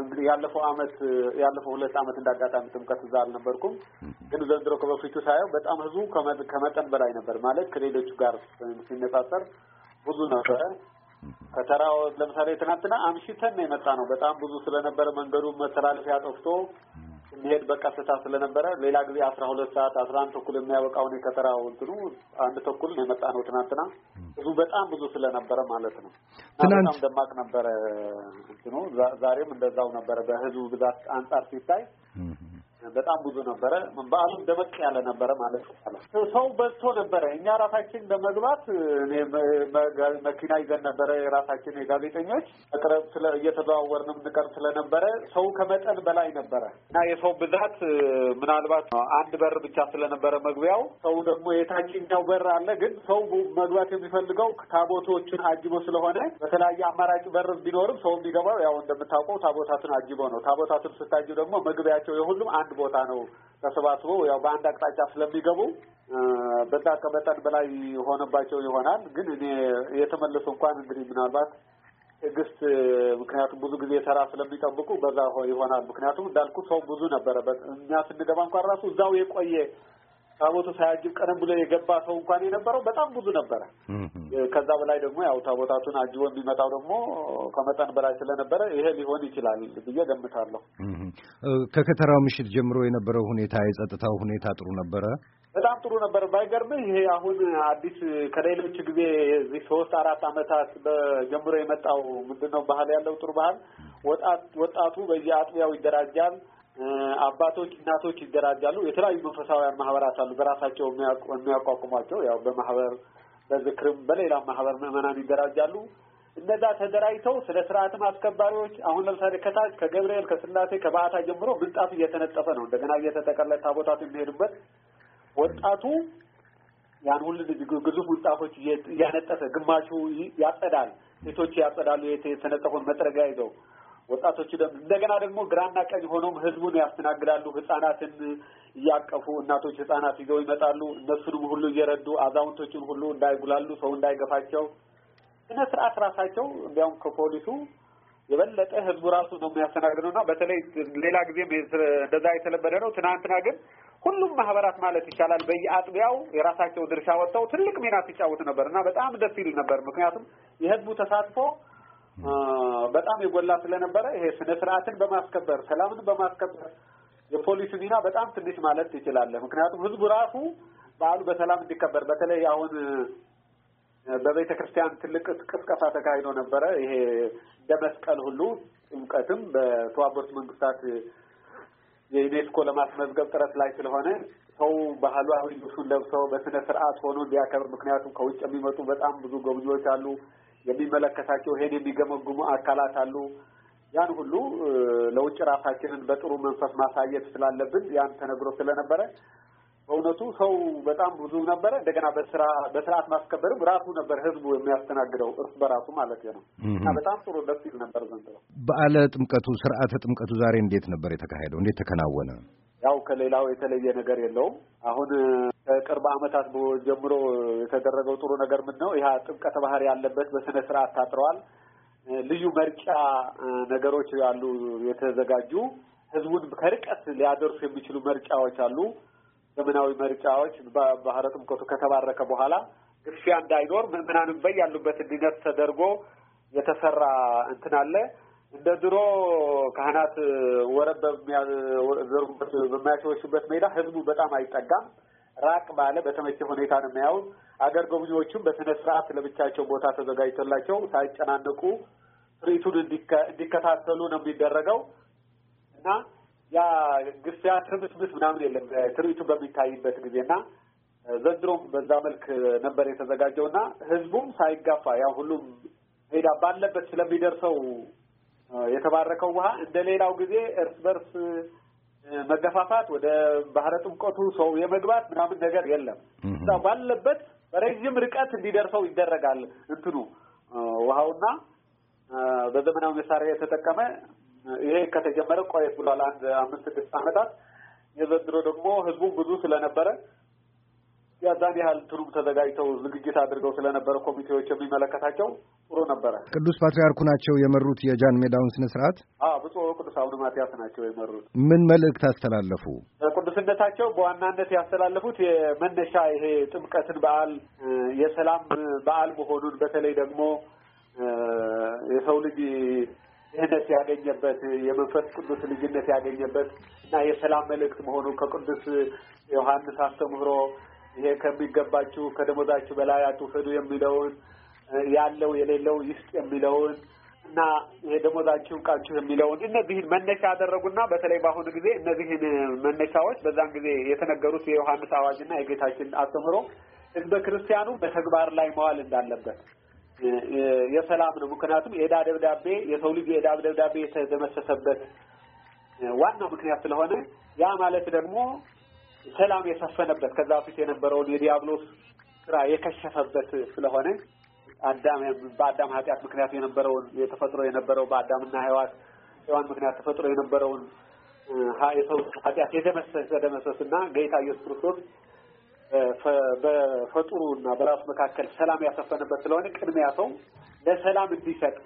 እንግዲህ ያለፈው አመት ያለፈው ሁለት አመት እንዳጋጣሚ ጥምቀት እዛ አልነበርኩም፣ ግን ዘንድሮ ከበፊቱ ሳየው በጣም ህዝቡ ከመጠን በላይ ነበር። ማለት ከሌሎቹ ጋር ሲነጻጸር ብዙ ነበረ። ከተራው ለምሳሌ ትናንትና አምሽተን ነው የመጣ ነው። በጣም ብዙ ስለነበረ መንገዱ መተላለፊያ ጠፍቶ የሚሄድ በቀስታ ስለነበረ ሌላ ጊዜ አስራ ሁለት ሰዓት አስራ አንድ ተኩል የሚያበቃውን የከተራው እንትኑ አንድ ተኩል ነው የመጣ ነው ትናንትና ብዙ በጣም ብዙ ስለነበረ ማለት ነው። በጣም ደማቅ ነበረ እንትኑ። ዛሬም እንደዛው ነበረ በህዝቡ ብዛት አንጻር ሲታይ በጣም ብዙ ነበረ። በዓሉም ደመቅ ያለ ነበረ ማለት ይቻላል። ሰው በዝቶ ነበረ። እኛ ራሳችን በመግባት መኪና ይዘን ነበረ። የራሳችን የጋዜጠኞች መቅረብ እየተዘዋወርንም እንቀርብ ስለነበረ ሰው ከመጠን በላይ ነበረ እና የሰው ብዛት ምናልባት አንድ በር ብቻ ስለነበረ መግቢያው ሰው ደግሞ የታችኛው በር አለ። ግን ሰው መግባት የሚፈልገው ታቦቶቹን አጅቦ ስለሆነ በተለያየ አማራጭ በር ቢኖርም ሰው የሚገባው ያው እንደምታውቀው ታቦታትን አጅቦ ነው። ታቦታትን ስታጅብ ደግሞ መግቢያቸው የሁሉም በአንድ ቦታ ነው ተሰባስበው ያው በአንድ አቅጣጫ ስለሚገቡ በዛ ከመጠን በላይ የሆነባቸው ይሆናል። ግን እኔ የተመለሱ እንኳን እንግዲህ ምናልባት ትዕግስት፣ ምክንያቱም ብዙ ጊዜ ተራ ስለሚጠብቁ በዛ ይሆናል። ምክንያቱም እንዳልኩ ሰው ብዙ ነበረ። እኛ ስንገባ እንኳን ራሱ እዛው የቆየ ታቦቱ ሳያጅብ ቀደም ብሎ የገባ ሰው እንኳን የነበረው በጣም ብዙ ነበረ። ከዛ በላይ ደግሞ ያው ታቦታቱን አጅቦ የሚመጣው ደግሞ ከመጠን በላይ ስለነበረ ይሄ ሊሆን ይችላል ብዬ ገምታለሁ። ከከተራው ምሽት ጀምሮ የነበረው ሁኔታ የጸጥታው ሁኔታ ጥሩ ነበረ፣ በጣም ጥሩ ነበረ። ባይገርምህ ይሄ አሁን አዲስ ከሌሎች ጊዜ እዚህ ሶስት አራት አመታት ጀምሮ የመጣው ምንድን ነው ባህል ያለው ጥሩ ባህል ወጣቱ በየአጥቢያው ይደራጃል። አባቶች፣ እናቶች ይደራጃሉ። የተለያዩ መንፈሳውያን ማህበራት አሉ በራሳቸው የሚያቋቁሟቸው ያው በማህበር በዝክርም በሌላ ማህበር ምዕመናን ይደራጃሉ። እነዛ ተደራጅተው ስለ ስርዓትም አስከባሪዎች አሁን ለምሳሌ ከታች ከገብርኤል ከስላሴ ከባህታ ጀምሮ ምንጣፍ እየተነጠፈ ነው እንደገና እየተጠቀለለ ታቦታት የሚሄዱበት ወጣቱ ያን ሁሉ ግዙፍ ምንጣፎች እያነጠፈ ግማሹ ያጸዳል፣ ሴቶች ያጸዳሉ የተነጠፉን መጥረጊያ ይዘው ወጣቶቹ እንደገና ደግሞ ግራና ቀኝ ሆነውም ህዝቡን ያስተናግዳሉ። ህጻናትን እያቀፉ እናቶች ህጻናት ይዘው ይመጣሉ። እነሱንም ሁሉ እየረዱ አዛውንቶችን ሁሉ እንዳይጉላሉ፣ ሰው እንዳይገፋቸው ስነ ስርዓት ራሳቸው እንዲያውም ከፖሊሱ የበለጠ ህዝቡ ራሱ ነው የሚያስተናግደው እና በተለይ ሌላ ጊዜም እንደዛ የተለመደ ነው። ትናንትና ግን ሁሉም ማህበራት ማለት ይቻላል በየአጥቢያው የራሳቸው ድርሻ ወጥተው ትልቅ ሚና ሲጫወት ነበር እና በጣም ደስ ይል ነበር። ምክንያቱም የህዝቡ ተሳትፎ በጣም የጎላ ስለነበረ ይሄ ስነ ስርዓትን በማስከበር ሰላምን በማስከበር የፖሊስ ሚና በጣም ትንሽ ማለት ትችላለህ። ምክንያቱም ህዝቡ ራሱ በዓሉ በሰላም እንዲከበር በተለይ አሁን በቤተ ክርስቲያን ትልቅ ቅስቀሳ ተካሂዶ ነበረ። ይሄ እንደ መስቀል ሁሉ ጥምቀትም በተባበሩት መንግስታት የዩኔስኮ ለማስመዝገብ ጥረት ላይ ስለሆነ ሰው ባህላዊ ልብሱን ለብሰው በስነ ስርዓት ሆኖ እንዲያከብር፣ ምክንያቱም ከውጭ የሚመጡ በጣም ብዙ ጎብኚዎች አሉ። የሚመለከታቸው ሄድ የሚገመግሙ አካላት አሉ። ያን ሁሉ ለውጭ ራሳችንን በጥሩ መንፈስ ማሳየት ስላለብን ያን ተነግሮ ስለነበረ በእውነቱ ሰው በጣም ብዙ ነበረ። እንደገና በስራ በስርዓት ማስከበርም ራሱ ነበር ህዝቡ የሚያስተናግደው እርስ በራሱ ማለት ነው እና በጣም ጥሩ ደስ ይል ነበር ዘንድሮ። በዓለ ጥምቀቱ ስርዓተ ጥምቀቱ ዛሬ እንዴት ነበር የተካሄደው? እንዴት ተከናወነ? ያው ከሌላው የተለየ ነገር የለውም። አሁን ከቅርብ ዓመታት ጀምሮ የተደረገው ጥሩ ነገር ምን ነው? ይህ ጥምቀተ ባህር ያለበት በስነ ስርዓት ታጥረዋል። ልዩ መርጫ ነገሮች አሉ የተዘጋጁ ህዝቡን ከርቀት ሊያደርሱ የሚችሉ መርጫዎች አሉ። ዘመናዊ መርጫዎች ባህረ ጥምቀቱ ከተባረከ በኋላ ግፊያ እንዳይኖር ምዕመናንም በያሉበት እንዲነት ተደርጎ የተሰራ እንትን አለ። እንደ ድሮ ካህናት ወረብ በሚያዘርጉበት በማያሸወሹበት ሜዳ ህዝቡ በጣም አይጠጋም። ራቅ ባለ በተመቸ ሁኔታ ነው የሚያዩት። አገር ጎብኚዎቹም በስነ ስርዓት ለብቻቸው ቦታ ተዘጋጅቶላቸው ሳይጨናነቁ ትርኢቱን እንዲከታተሉ ነው የሚደረገው እና ያ ግፊያ ትርምስምስ ምናምን የለም ትርኢቱ በሚታይበት ጊዜና ዘንድሮም በዛ መልክ ነበር የተዘጋጀው እና ህዝቡም ሳይጋፋ ያ ሁሉም ሜዳ ባለበት ስለሚደርሰው የተባረከው ውሃ እንደ ሌላው ጊዜ እርስ በርስ መገፋፋት፣ ወደ ባህረ ጥምቀቱ ሰው የመግባት ምናምን ነገር የለም። እዛ ባለበት በረዥም ርቀት እንዲደርሰው ይደረጋል እንትኑ ውሃውና በዘመናዊ መሳሪያ የተጠቀመ ይሄ ከተጀመረ ቆየት ብሏል። አንድ አምስት ስድስት ዓመታት የዘንድሮ ደግሞ ህዝቡም ብዙ ስለነበረ ያዛን ያህል ትሩም ተዘጋጅተው ዝግጅት አድርገው ስለነበረ ኮሚቴዎች የሚመለከታቸው ጥሩ ነበረ። ቅዱስ ፓትርያርኩ ናቸው የመሩት የጃን ሜዳውን ስነ ስርዓት። ብፁዕ ቅዱስ አቡነ ማትያስ ናቸው የመሩት። ምን መልእክት አስተላለፉ? ቅዱስነታቸው በዋናነት ያስተላለፉት የመነሻ ይሄ ጥምቀትን በዓል የሰላም በዓል መሆኑን በተለይ ደግሞ የሰው ልጅ ድህነት ያገኘበት የመንፈስ ቅዱስ ልጅነት ያገኘበት እና የሰላም መልእክት መሆኑ ከቅዱስ ዮሐንስ አስተምህሮ ይሄ ከሚገባችሁ ከደሞዛችሁ በላይ አትውሰዱ የሚለውን ያለው የሌለው ይስጥ የሚለውን እና ይሄ ደሞዛችሁ ቃችሁ የሚለውን እነዚህን መነሻ ያደረጉና በተለይ በአሁኑ ጊዜ እነዚህን መነሻዎች በዛን ጊዜ የተነገሩት የዮሐንስ አዋጅና የጌታችን አስተምሮ ህዝበ ክርስቲያኑ በተግባር ላይ መዋል እንዳለበት የሰላም ነው። ምክንያቱም የዕዳ ደብዳቤ የሰው ልጅ የዕዳ ደብዳቤ የተደመሰሰበት ዋናው ምክንያት ስለሆነ ያ ማለት ደግሞ ሰላም የሰፈነበት ከዛ በፊት የነበረውን የዲያብሎስ ስራ የከሸፈበት ስለሆነ አዳም በአዳም ኃጢአት ምክንያት የነበረውን የተፈጥሮ የነበረው በአዳምና ህዋት ሔዋን ምክንያት ተፈጥሮ የነበረውን የሰው ኃጢአት የደመሰስ የደመሰስና ጌታ ኢየሱስ ክርስቶስ በፈጡሩና በራሱ መካከል ሰላም ያሰፈነበት ስለሆነ ቅድሚያ ሰው ለሰላም እንዲሰጥ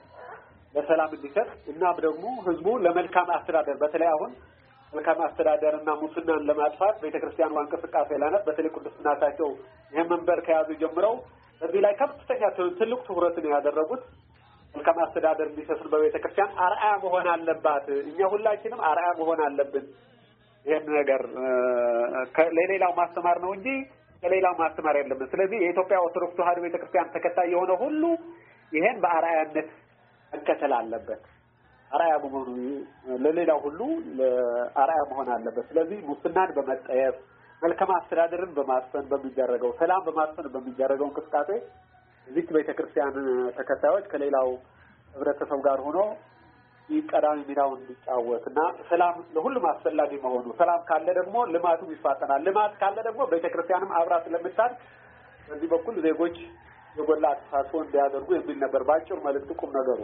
ለሰላም እንዲሰጥ እና ደግሞ ህዝቡ ለመልካም አስተዳደር በተለይ አሁን መልካም አስተዳደርና ሙስናን ለማጥፋት ቤተክርስቲያኗ እንቅስቃሴ ላነት ናት። በተለይ ቅዱስናታቸው ይህን መንበር ከያዙ ጀምረው እዚህ ላይ ከፍተኛ ትልቅ ትኩረት ነው ያደረጉት። መልካም አስተዳደር እንዲሰፍን በቤተክርስቲያን አርአያ መሆን አለባት። እኛ ሁላችንም አርአያ መሆን አለብን። ይህን ነገር ለሌላው ማስተማር ነው እንጂ ከሌላው ማስተማር የለብን። ስለዚህ የኢትዮጵያ ኦርቶዶክስ ተዋሕዶ ቤተክርስቲያን ተከታይ የሆነ ሁሉ ይሄን በአርአያነት መከተል አለበት። አራያ መሆኑ ለሌላው ሁሉ አርአያ መሆን አለበት። ስለዚህ ሙስናን በመጠየፍ መልካም አስተዳደርን በማስፈን በሚደረገው ሰላም በማስፈን በሚደረገው እንቅስቃሴ እዚህ ቤተ ክርስቲያን ተከታዮች ከሌላው ህብረተሰብ ጋር ሆኖ ቀዳሚ ሚናውን እንዲጫወት እና ሰላም ለሁሉም አስፈላጊ መሆኑ ሰላም ካለ ደግሞ ልማቱ ይፋጠናል። ልማት ካለ ደግሞ ቤተ ክርስቲያንም አብራ ስለምታል በዚህ በኩል ዜጎች የጎላ አስተሳሰብ እንዲያደርጉ የሚል ነበር በአጭር መልዕክት ቁም ነገሩ።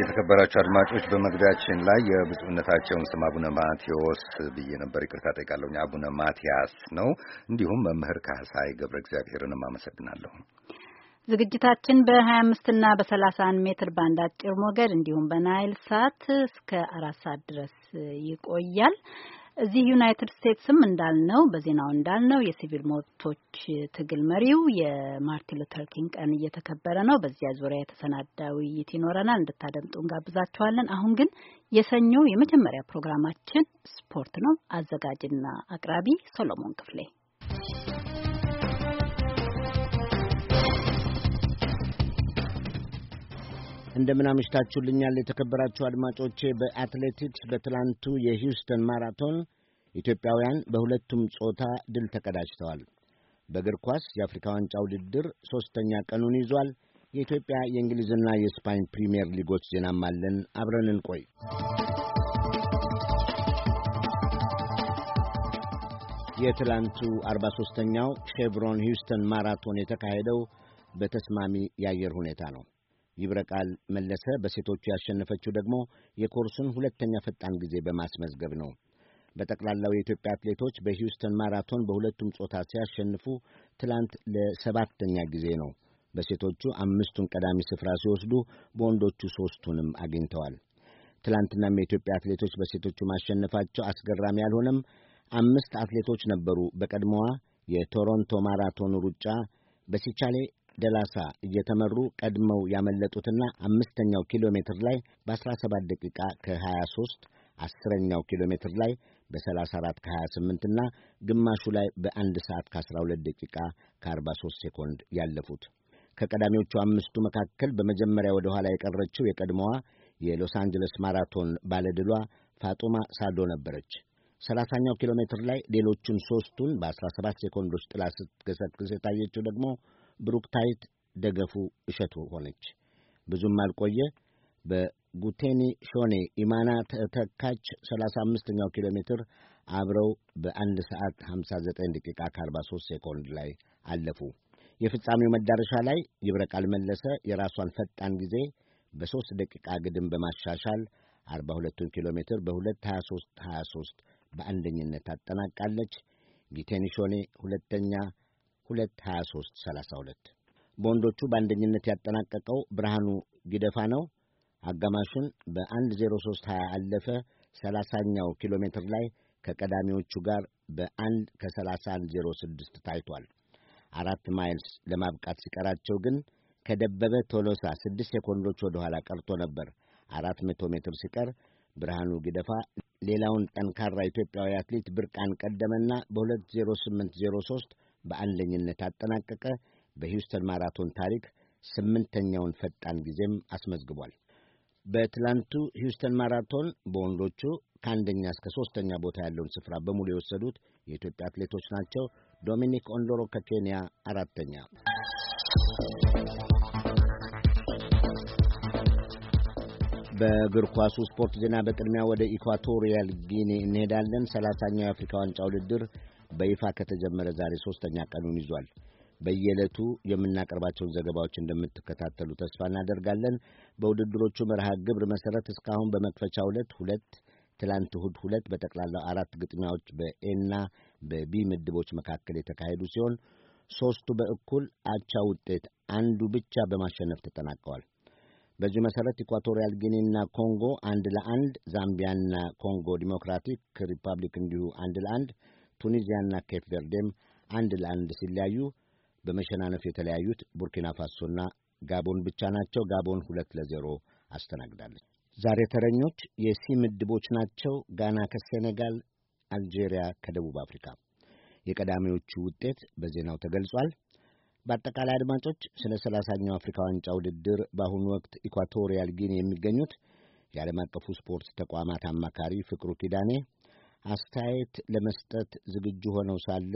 የተከበራቸው አድማጮች በመግቢያችን ላይ የብፁዕነታቸውን ስም አቡነ ማቴዎስ ብዬ ነበር፣ ይቅርታ ጠይቃለሁ። አቡነ ማቲያስ ነው። እንዲሁም መምህር ካህሳይ ገብረ እግዚአብሔርንም አመሰግናለሁ። ዝግጅታችን በ25 እና በ31 ሜትር ባንድ አጭር ሞገድ እንዲሁም በናይል ሳት እስከ አራት ሰዓት ድረስ ይቆያል። እዚህ ዩናይትድ ስቴትስም እንዳልነው በዜናው እንዳልነው የሲቪል መብቶች ትግል መሪው የማርቲን ሉተር ኪንግ ቀን እየተከበረ ነው። በዚያ ዙሪያ የተሰናዳ ውይይት ይኖረናል፣ እንድታደምጡ እንጋብዛችኋለን። አሁን ግን የሰኞ የመጀመሪያ ፕሮግራማችን ስፖርት ነው። አዘጋጅና አቅራቢ ሰሎሞን ክፍሌ እንደምን አምሽታችሁልኛል የተከበራችሁ አድማጮቼ። በአትሌቲክስ በትላንቱ የሂውስተን ማራቶን ኢትዮጵያውያን በሁለቱም ጾታ ድል ተቀዳጅተዋል። በእግር ኳስ የአፍሪካ ዋንጫ ውድድር ሦስተኛ ቀኑን ይዟል። የኢትዮጵያ የእንግሊዝና የስፓኝ ፕሪምየር ሊጎች ዜናም አለን። አብረን እንቆይ። የትላንቱ 43ኛው ሼቭሮን ሂውስተን ማራቶን የተካሄደው በተስማሚ የአየር ሁኔታ ነው። ይብረቃል መለሰ በሴቶቹ ያሸነፈችው ደግሞ የኮርሱን ሁለተኛ ፈጣን ጊዜ በማስመዝገብ ነው። በጠቅላላው የኢትዮጵያ አትሌቶች በሂውስተን ማራቶን በሁለቱም ጾታ ሲያሸንፉ ትላንት ለሰባተኛ ጊዜ ነው። በሴቶቹ አምስቱን ቀዳሚ ስፍራ ሲወስዱ በወንዶቹ ሦስቱንም አግኝተዋል። ትላንትናም የኢትዮጵያ አትሌቶች በሴቶቹ ማሸነፋቸው አስገራሚ ያልሆነም አምስት አትሌቶች ነበሩ በቀድሞዋ የቶሮንቶ ማራቶን ሩጫ በሲቻሌ ደላሳ እየተመሩ ቀድመው ያመለጡትና አምስተኛው ኪሎ ሜትር ላይ በ17 ደቂቃ ከ23 አስረኛው ኪሎ ሜትር ላይ በ34 ከ28 እና ግማሹ ላይ በአንድ ሰዓት ከ12 ደቂቃ ከ43 ሴኮንድ ያለፉት ከቀዳሚዎቹ አምስቱ መካከል በመጀመሪያ ወደ ኋላ የቀረችው የቀድሞዋ የሎስ አንጀለስ ማራቶን ባለድሏ ፋጡማ ሳዶ ነበረች ሰላሳኛው ኪሎ ሜትር ላይ ሌሎቹን ሦስቱን በ17 ሴኮንዶች ጥላ ስትገሰግስ የታየችው ደግሞ ብሩክታይት ደገፉ እሸቱ ሆነች። ብዙም አልቆየ በጉቴኒ ሾኔ ኢማና ተተካች። 35ኛው ኪሎ ሜትር አብረው በአንድ ሰዓት 59 ደቂቃ ከ43 ሴኮንድ ላይ አለፉ። የፍጻሜው መዳረሻ ላይ ይብረቃል መለሰ የራሷን ፈጣን ጊዜ በሦስት ደቂቃ ግድም በማሻሻል 42ቱን ኪሎ ሜትር በ22323 በአንደኝነት ታጠናቃለች። ጊቴኒ ሾኔ ሁለተኛ፣ 22332 በወንዶቹ በአንደኝነት ያጠናቀቀው ብርሃኑ ጊደፋ ነው። አጋማሹን በ ሀያ አለፈ። 30ኛው ኪሎ ሜትር ላይ ከቀዳሚዎቹ ጋር በ1 ከ3106 ታይቷል። አራት ማይልስ ለማብቃት ሲቀራቸው ግን ከደበበ ቶሎሳ ስድስት ሴኮንዶች ወደ ኋላ ቀርቶ ነበር። አራት መቶ ሜትር ሲቀር ብርሃኑ ጊደፋ ሌላውን ጠንካራ ኢትዮጵያዊ አትሌት ብርቃን ቀደመና ዜሮ ሶስት በአንደኝነት አጠናቀቀ። በሂውስተን ማራቶን ታሪክ ስምንተኛውን ፈጣን ጊዜም አስመዝግቧል። በትላንቱ ሂውስተን ማራቶን በወንዶቹ ከአንደኛ እስከ ሦስተኛ ቦታ ያለውን ስፍራ በሙሉ የወሰዱት የኢትዮጵያ አትሌቶች ናቸው። ዶሚኒክ ኦንዶሮ ከኬንያ አራተኛ፣ በእግር ኳሱ ስፖርት ዜና በቅድሚያ ወደ ኢኳቶሪያል ጊኒ እንሄዳለን። ሰላሳኛው የአፍሪካ ዋንጫ ውድድር በይፋ ከተጀመረ ዛሬ ሶስተኛ ቀኑን ይዟል። በየዕለቱ የምናቀርባቸውን ዘገባዎች እንደምትከታተሉ ተስፋ እናደርጋለን። በውድድሮቹ መርሃ ግብር መሠረት እስካሁን በመክፈቻ ሁለት ሁለት፣ ትላንት እሁድ ሁለት በጠቅላላው አራት ግጥሚያዎች በኤና በቢ ምድቦች መካከል የተካሄዱ ሲሆን ሦስቱ በእኩል አቻ ውጤት፣ አንዱ ብቻ በማሸነፍ ተጠናቀዋል። በዚሁ መሠረት ኢኳቶሪያል ጊኒና ኮንጎ አንድ ለአንድ፣ ዛምቢያና ኮንጎ ዲሞክራቲክ ሪፐብሊክ እንዲሁ አንድ ለአንድ ቱኒዚያና ኬፕ ቬርዴም አንድ ለአንድ ሲለያዩ በመሸናነፍ የተለያዩት ቡርኪና ፋሶና ጋቦን ብቻ ናቸው። ጋቦን ሁለት ለዜሮ አስተናግዳለች። ዛሬ ተረኞች የሲ ምድቦች ናቸው። ጋና ከሴኔጋል፣ አልጄሪያ ከደቡብ አፍሪካ። የቀዳሚዎቹ ውጤት በዜናው ተገልጿል። በአጠቃላይ አድማጮች ስለ ሰላሳኛው አፍሪካ ዋንጫ ውድድር በአሁኑ ወቅት ኢኳቶሪያል ጊኒ የሚገኙት የዓለም አቀፉ ስፖርት ተቋማት አማካሪ ፍቅሩ ኪዳኔ አስተያየት ለመስጠት ዝግጁ ሆነው ሳለ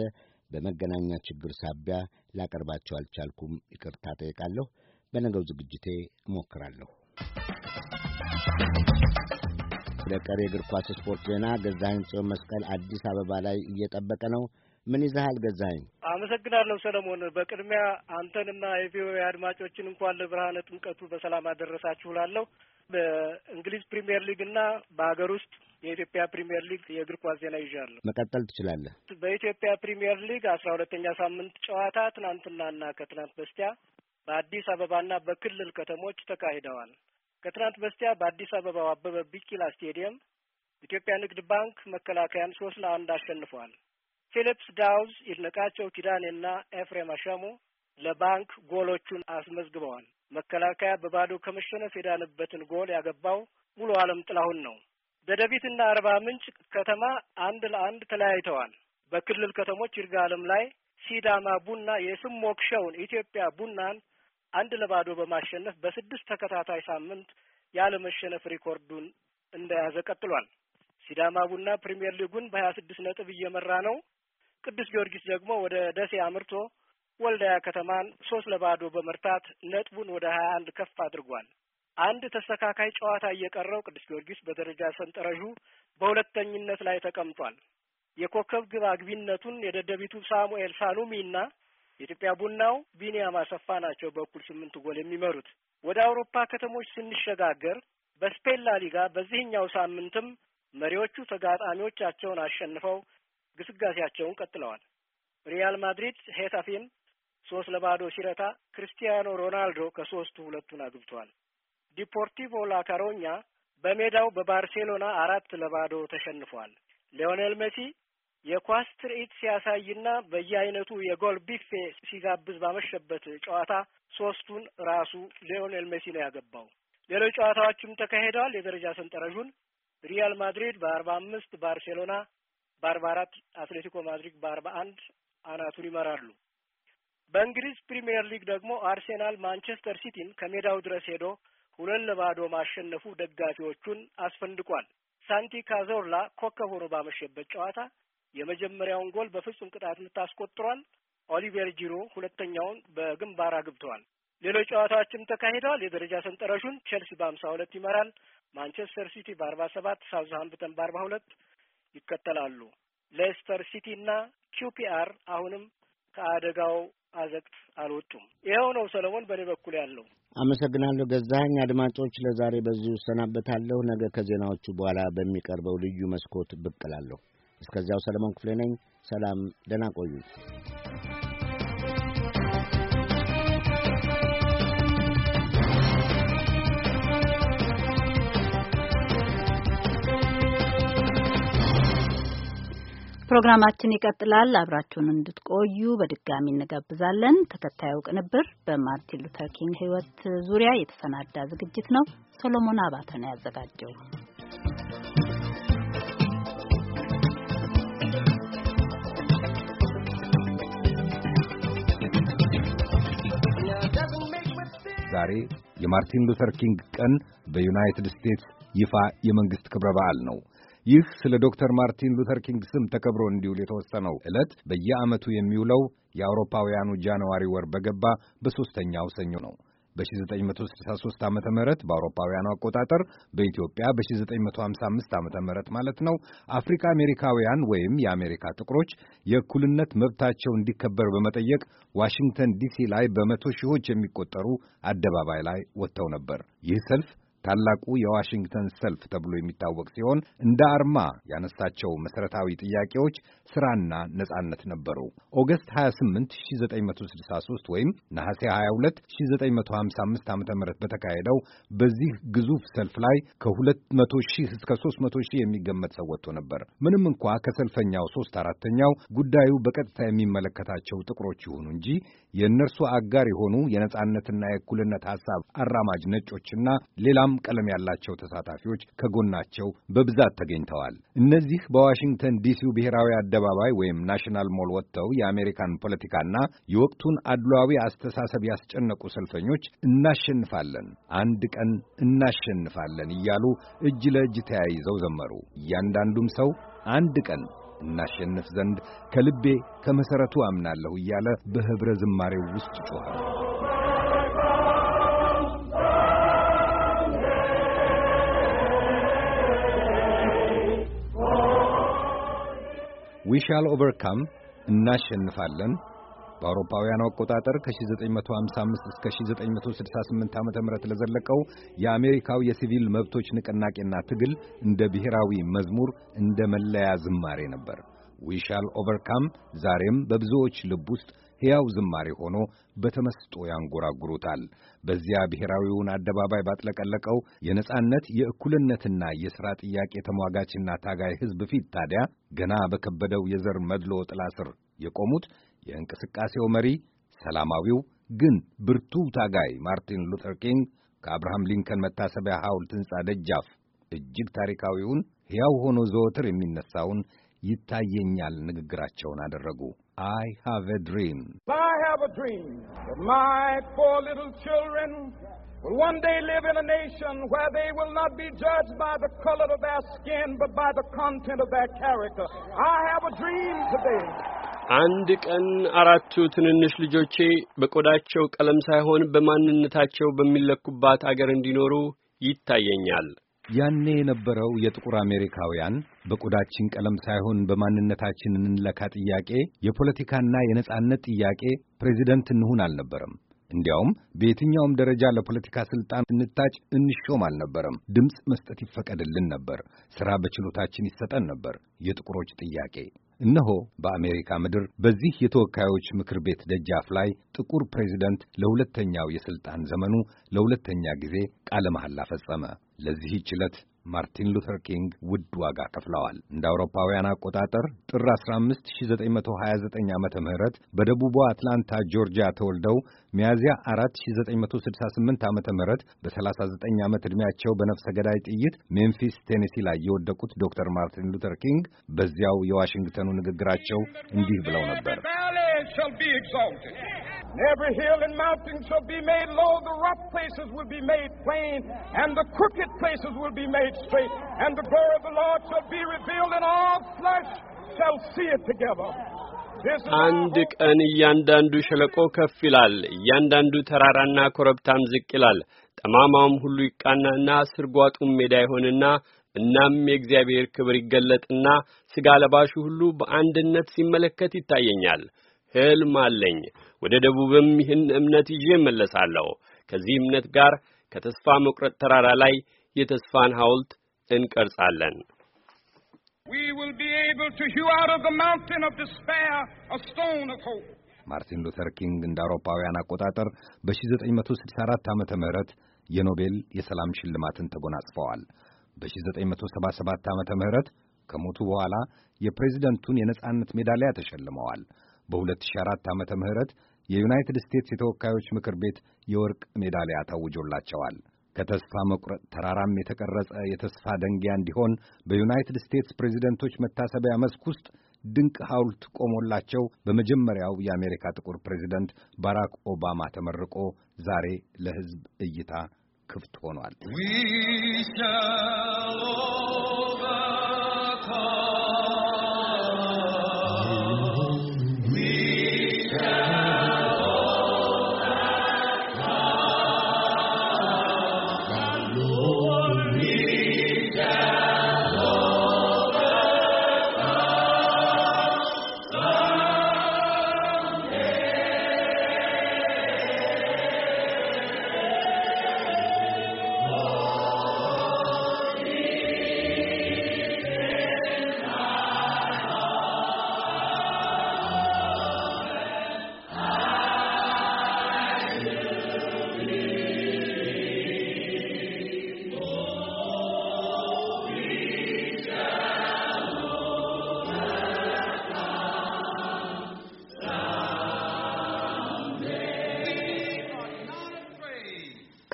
በመገናኛ ችግር ሳቢያ ላቀርባቸው አልቻልኩም። ይቅርታ ጠይቃለሁ። በነገው ዝግጅቴ እሞክራለሁ። ወደ ቀሪ እግር ኳስ ስፖርት ዜና ገዛኸኝ ጽዮን መስቀል አዲስ አበባ ላይ እየጠበቀ ነው። ምን ይዘሃል ገዛኸኝ? አመሰግናለሁ ሰለሞን። በቅድሚያ አንተንና የቪኦኤ አድማጮችን እንኳን ለብርሃነ ጥምቀቱ በሰላም አደረሳችሁ ላለሁ በእንግሊዝ ፕሪምየር እና በሀገር ውስጥ የኢትዮጵያ ፕሪምየር ሊግ የእግር ኳስ ዜና ይዣለሁ። መቀጠል ትችላለህ። በኢትዮጵያ ፕሪምየር ሊግ አስራ ሁለተኛ ሳምንት ጨዋታ ትናንትናና ከትናንት በስቲያ በአዲስ አበባና በክልል ከተሞች ተካሂደዋል። ከትናንት በስቲያ በአዲስ አበባው አበበ ቢቂላ ስቴዲየም ኢትዮጵያ ንግድ ባንክ መከላከያን ሶስት ለአንድ አሸንፏል። ፊሊፕስ ዳውዝ፣ ይድነቃቸው ኪዳኔና ኤፍሬም አሻሙ ለባንክ ጎሎቹን አስመዝግበዋል። መከላከያ በባዶ ከመሸነፍ የዳነበትን ጎል ያገባው ሙሉ አለም ጥላሁን ነው። ደደቢትና አርባ ምንጭ ከተማ አንድ ለአንድ ተለያይተዋል። በክልል ከተሞች ይርጋ ዓለም ላይ ሲዳማ ቡና የስም ሞክሸውን ኢትዮጵያ ቡናን አንድ ለባዶ በማሸነፍ በስድስት ተከታታይ ሳምንት ያለመሸነፍ ሪኮርዱን እንደያዘ ቀጥሏል። ሲዳማ ቡና ፕሪምየር ሊጉን በሀያ ስድስት ነጥብ እየመራ ነው። ቅዱስ ጊዮርጊስ ደግሞ ወደ ደሴ አምርቶ ወልዳያ ከተማን ሶስት ለባዶ በመርታት ነጥቡን ወደ ሀያ አንድ ከፍ አድርጓል። አንድ ተስተካካይ ጨዋታ እየቀረው ቅዱስ ጊዮርጊስ በደረጃ ሰንጠረዡ በሁለተኝነት ላይ ተቀምጧል። የኮከብ ግብ አግቢነቱን የደደቢቱ ሳሙኤል ሳሉሚ እና የኢትዮጵያ ቡናው ቢኒያም አሰፋ ናቸው በኩል ስምንት ጎል የሚመሩት። ወደ አውሮፓ ከተሞች ስንሸጋገር በስፔን ላሊጋ ሊጋ በዚህኛው ሳምንትም መሪዎቹ ተጋጣሚዎቻቸውን አሸንፈው ግስጋሴያቸውን ቀጥለዋል። ሪያል ማድሪድ ሄታፌን ሶስት ለባዶ ሲረታ፣ ክርስቲያኖ ሮናልዶ ከሶስቱ ሁለቱን አግብተዋል። ዲፖርቲቮ ላካሮኛ በሜዳው በባርሴሎና አራት ለባዶ ተሸንፏል። ሊዮኔል ሜሲ የኳስ ትርኢት ሲያሳይና በየአይነቱ የጎል ቢፌ ሲጋብዝ ባመሸበት ጨዋታ ሶስቱን ራሱ ሊዮኔል ሜሲ ነው ያገባው። ሌሎች ጨዋታዎችም ተካሂደዋል። የደረጃ ሰንጠረዡን ሪያል ማድሪድ በአርባ አምስት ባርሴሎና በአርባ አራት አትሌቲኮ ማድሪድ በአርባ አንድ አናቱን ይመራሉ። በእንግሊዝ ፕሪምየር ሊግ ደግሞ አርሴናል ማንቸስተር ሲቲን ከሜዳው ድረስ ሄዶ ሁለት ለባዶ ማሸነፉ ደጋፊዎቹን አስፈንድቋል። ሳንቲ ካዞርላ ኮከብ ሆኖ ባመሸበት ጨዋታ የመጀመሪያውን ጎል በፍጹም ቅጣት ምት አስቆጥሯል። ኦሊቬር ጂሮ ሁለተኛውን በግንባር አግብተዋል። ሌሎች ጨዋታዎችም ተካሂደዋል። የደረጃ ሰንጠረሹን ቼልሲ በአምሳ ሁለት ይመራል። ማንቸስተር ሲቲ በአርባ ሰባት ሳውዝሃምፕተን በአርባ ሁለት ይከተላሉ። ሌስተር ሲቲ እና ኪውፒአር አሁንም ከአደጋው አዘቅት አልወጡም። ይኸው ነው ሰለሞን፣ በእኔ በኩል ያለው። አመሰግናለሁ ገዛኸኝ። አድማጮች፣ ለዛሬ በዚህ እሰናበታለሁ። ነገ ከዜናዎቹ በኋላ በሚቀርበው ልዩ መስኮት ብቅ እላለሁ። እስከዚያው ሰለሞን ክፍሌ ነኝ። ሰላም፣ ደህና ቆዩ። ፕሮግራማችን ይቀጥላል። አብራችሁን እንድትቆዩ በድጋሚ እንጋብዛለን። ተከታዩ ቅንብር በማርቲን ሉተር ኪንግ ሕይወት ዙሪያ የተሰናዳ ዝግጅት ነው። ሶሎሞን አባተ ነው ያዘጋጀው። ዛሬ የማርቲን ሉተር ኪንግ ቀን በዩናይትድ ስቴትስ ይፋ የመንግሥት ክብረ በዓል ነው። ይህ ስለ ዶክተር ማርቲን ሉተር ኪንግ ስም ተከብሮ እንዲውል የተወሰነው ዕለት በየዓመቱ የሚውለው የአውሮፓውያኑ ጃንዋሪ ወር በገባ በሦስተኛው ሰኞ ነው። በ1963 ዓ ም በአውሮፓውያኑ አቆጣጠር በኢትዮጵያ በ1955 ዓ ም ማለት ነው። አፍሪካ አሜሪካውያን ወይም የአሜሪካ ጥቁሮች የእኩልነት መብታቸው እንዲከበር በመጠየቅ ዋሽንግተን ዲሲ ላይ በመቶ ሺዎች የሚቆጠሩ አደባባይ ላይ ወጥተው ነበር። ይህ ሰልፍ ታላቁ የዋሽንግተን ሰልፍ ተብሎ የሚታወቅ ሲሆን እንደ አርማ ያነሳቸው መሠረታዊ ጥያቄዎች ሥራና ነጻነት ነበሩ። ኦገስት 28 1963 ወይም ነሐሴ 22 1955 ዓ ም በተካሄደው በዚህ ግዙፍ ሰልፍ ላይ ከ200 ሺህ እስከ 300 ሺህ የሚገመት ሰው ወጥቶ ነበር። ምንም እንኳ ከሰልፈኛው ሦስት አራተኛው ጉዳዩ በቀጥታ የሚመለከታቸው ጥቁሮች ይሁኑ እንጂ የእነርሱ አጋር የሆኑ የነጻነትና የእኩልነት ሐሳብ አራማጅ ነጮችና ሌላም ወርቃም ቀለም ያላቸው ተሳታፊዎች ከጎናቸው በብዛት ተገኝተዋል። እነዚህ በዋሽንግተን ዲሲው ብሔራዊ አደባባይ ወይም ናሽናል ሞል ወጥተው የአሜሪካን ፖለቲካና የወቅቱን አድሏዊ አስተሳሰብ ያስጨነቁ ሰልፈኞች እናሸንፋለን፣ አንድ ቀን እናሸንፋለን እያሉ እጅ ለእጅ ተያይዘው ዘመሩ። እያንዳንዱም ሰው አንድ ቀን እናሸንፍ ዘንድ ከልቤ ከመሠረቱ አምናለሁ እያለ በኅብረ ዝማሬው ውስጥ ጮኸ። ዊሻል ኦቨርካም እናሸንፋለን በአውሮፓውያን አቆጣጠር ከ1955 እስከ 1968 ዓ ም ለዘለቀው የአሜሪካው የሲቪል መብቶች ንቅናቄና ትግል እንደ ብሔራዊ መዝሙር እንደ መለያ ዝማሬ ነበር። ዊሻል ኦቨርካም ዛሬም በብዙዎች ልብ ውስጥ ሕያው ዝማሬ ሆኖ በተመስጦ ያንጎራጉሩታል። በዚያ ብሔራዊውን አደባባይ ባጥለቀለቀው የነጻነት የእኩልነትና የሥራ ጥያቄ ተሟጋችና ታጋይ ሕዝብ ፊት ታዲያ ገና በከበደው የዘር መድሎ ጥላ ስር የቆሙት የእንቅስቃሴው መሪ ሰላማዊው ግን ብርቱ ታጋይ ማርቲን ሉተር ኪንግ ከአብርሃም ሊንከን መታሰቢያ ሐውልት ሕንፃ ደጃፍ እጅግ ታሪካዊውን ሕያው ሆኖ ዘወትር የሚነሳውን ይታየኛል ንግግራቸውን አደረጉ። I have a dream. I have a dream that my four little children will one day live in a nation where they will not be judged by the color of their skin, but by the content of their character. I have a dream today. አንድ ቀን አራቱ ትንንሽ ልጆቼ በቆዳቸው ቀለም ሳይሆን በማንነታቸው በሚለኩባት አገር እንዲኖሩ ይታየኛል። ያኔ የነበረው የጥቁር አሜሪካውያን በቆዳችን ቀለም ሳይሆን በማንነታችን እንለካ ጥያቄ የፖለቲካና የነጻነት ጥያቄ ፕሬዚደንት እንሁን አልነበረም። እንዲያውም በየትኛውም ደረጃ ለፖለቲካ ስልጣን እንታጭ እንሾም አልነበረም። ድምፅ መስጠት ይፈቀድልን ነበር። ሥራ በችሎታችን ይሰጠን ነበር። የጥቁሮች ጥያቄ እነሆ በአሜሪካ ምድር በዚህ የተወካዮች ምክር ቤት ደጃፍ ላይ ጥቁር ፕሬዚደንት ለሁለተኛው የሥልጣን ዘመኑ ለሁለተኛ ጊዜ ቃለ መሐላ ፈጸመ። ለዚህች ዕለት ማርቲን ሉተር ኪንግ ውድ ዋጋ ከፍለዋል። እንደ አውሮፓውያን አቆጣጠር ጥር 15 1929 ዓመተ ምህረት በደቡቧ አትላንታ ጆርጂያ ተወልደው ሚያዝያ 4 1968 ዓመተ ምህረት በ39 ዓመት ዕድሜያቸው በነፍሰ ገዳይ ጥይት ሜምፊስ ቴኔሲ ላይ የወደቁት ዶክተር ማርቲን ሉተር ኪንግ በዚያው የዋሽንግተኑ ንግግራቸው እንዲህ ብለው ነበር። And every hill and mountain shall be made low. The rough places will be made plain, and the crooked places will be made straight. And the glory of the Lord shall be revealed, and all flesh shall see it together. አንድ ቀን እያንዳንዱ ሸለቆ ከፍ ይላል፣ እያንዳንዱ ተራራና ኮረብታም ዝቅ ይላል። ጠማማውም ሁሉ ይቃናና ስርጓጡም ሜዳ ይሆንና እናም የእግዚአብሔር ክብር ይገለጥና ሥጋ ለባሹ ሁሉ በአንድነት ሲመለከት ይታየኛል። ህልም አለኝ። ወደ ደቡብም ይህን እምነት ይዤ እመለሳለሁ። ከዚህ እምነት ጋር ከተስፋ መቁረጥ ተራራ ላይ የተስፋን ሐውልት እንቀርጻለን። ማርቲን ሉተር ኪንግ እንደ አውሮፓውያን አቆጣጠር በ1964 ዓመተ ምህረት የኖቤል የሰላም ሽልማትን ተጎናጽፈዋል። በ1977 ዓመተ ምህረት ከሞቱ በኋላ የፕሬዚደንቱን የነጻነት ሜዳሊያ ተሸልመዋል። በ2004 ዓመተ ምህረት የዩናይትድ ስቴትስ የተወካዮች ምክር ቤት የወርቅ ሜዳሊያ ታውጆላቸዋል። ከተስፋ መቁረጥ ተራራም የተቀረጸ የተስፋ ደንጊያ እንዲሆን በዩናይትድ ስቴትስ ፕሬዚደንቶች መታሰቢያ መስክ ውስጥ ድንቅ ሐውልት ቆሞላቸው በመጀመሪያው የአሜሪካ ጥቁር ፕሬዚደንት ባራክ ኦባማ ተመርቆ ዛሬ ለሕዝብ እይታ ክፍት ሆኗል።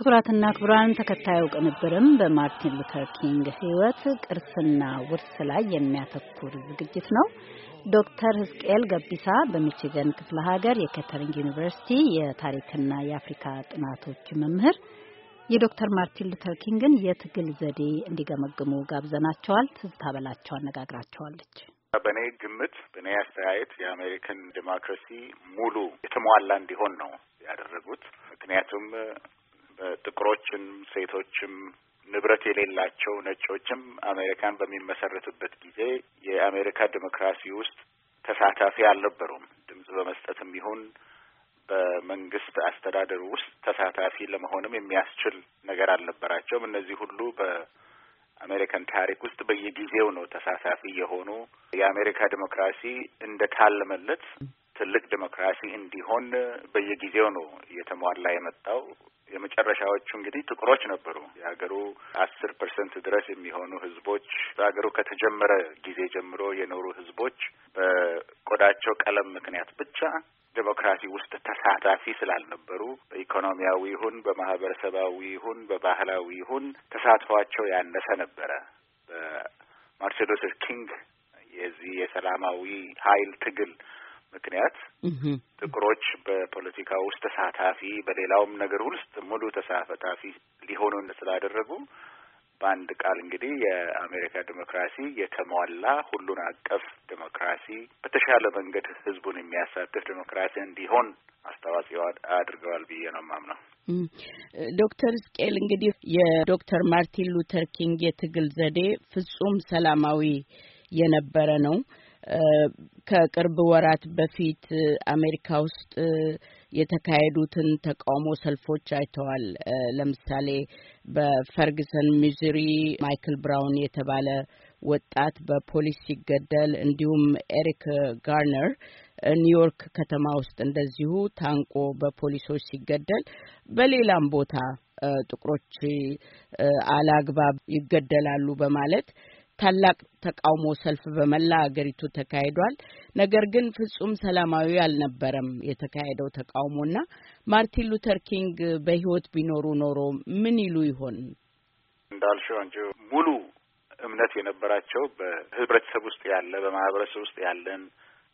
ክቡራትና ክቡራን ተከታዩ ቅንብርም በማርቲን ሉተር ኪንግ ሕይወት ቅርስና ውርስ ላይ የሚያተኩር ዝግጅት ነው። ዶክተር ህዝቅኤል ገቢሳ በሚችገን ክፍለ ሀገር የኬተሪንግ ዩኒቨርሲቲ የታሪክና የአፍሪካ ጥናቶች መምህር የዶክተር ማርቲን ሉተር ኪንግን የትግል ዘዴ እንዲገመግሙ ጋብዘናቸዋል። ትዝታ በላቸው አነጋግራቸዋለች። በእኔ ግምት፣ በእኔ አስተያየት የአሜሪካን ዲሞክራሲ ሙሉ የተሟላ እንዲሆን ነው ያደረጉት። ምክንያቱም ጥቁሮችም ሴቶችም ንብረት የሌላቸው ነጮችም አሜሪካን በሚመሰረትበት ጊዜ የአሜሪካ ዲሞክራሲ ውስጥ ተሳታፊ አልነበሩም። ድምጽ በመስጠትም ይሁን በመንግስት አስተዳደር ውስጥ ተሳታፊ ለመሆንም የሚያስችል ነገር አልነበራቸውም። እነዚህ ሁሉ በአሜሪካን ታሪክ ውስጥ በየጊዜው ነው ተሳታፊ የሆኑ የአሜሪካ ዲሞክራሲ እንደ ታለመለት ትልቅ ዲሞክራሲ እንዲሆን በየጊዜው ነው እየተሟላ የመጣው። የመጨረሻዎቹ እንግዲህ ጥቁሮች ነበሩ። የሀገሩ አስር ፐርሰንት ድረስ የሚሆኑ ህዝቦች በሀገሩ ከተጀመረ ጊዜ ጀምሮ የኖሩ ህዝቦች በቆዳቸው ቀለም ምክንያት ብቻ ዴሞክራሲ ውስጥ ተሳታፊ ስላልነበሩ በኢኮኖሚያዊ ይሁን በማህበረሰባዊ ይሁን በባህላዊ ይሁን ተሳትፏቸው ያነሰ ነበረ። በማርቲን ሉተር ኪንግ የዚህ የሰላማዊ ኃይል ትግል ምክንያት ጥቁሮች በፖለቲካ ውስጥ ተሳታፊ በሌላውም ነገር ውስጥ ሙሉ ተሳታፊ ሊሆኑ ስላደረጉ በአንድ ቃል እንግዲህ የአሜሪካ ዲሞክራሲ የተሟላ ሁሉን አቀፍ ዲሞክራሲ በተሻለ መንገድ ህዝቡን የሚያሳትፍ ዲሞክራሲ እንዲሆን አስተዋጽኦ አድርገዋል ብዬ ነው የማምነው። ዶክተር ስቄል እንግዲህ የዶክተር ማርቲን ሉተር ኪንግ የትግል ዘዴ ፍጹም ሰላማዊ የነበረ ነው። ከቅርብ ወራት በፊት አሜሪካ ውስጥ የተካሄዱትን ተቃውሞ ሰልፎች አይተዋል። ለምሳሌ በፈርግሰን ሚዙሪ ማይክል ብራውን የተባለ ወጣት በፖሊስ ሲገደል፣ እንዲሁም ኤሪክ ጋርነር ኒውዮርክ ከተማ ውስጥ እንደዚሁ ታንቆ በፖሊሶች ሲገደል፣ በሌላም ቦታ ጥቁሮች አላግባብ ይገደላሉ በማለት ታላቅ ተቃውሞ ሰልፍ በመላ አገሪቱ ተካሂዷል። ነገር ግን ፍጹም ሰላማዊ አልነበረም የተካሄደው ተቃውሞ እና ማርቲን ሉተር ኪንግ በሕይወት ቢኖሩ ኖሮ ምን ይሉ ይሆን? እንዳልሽው አንቺ ሙሉ እምነት የነበራቸው በህብረተሰብ ውስጥ ያለ በማህበረሰብ ውስጥ ያለን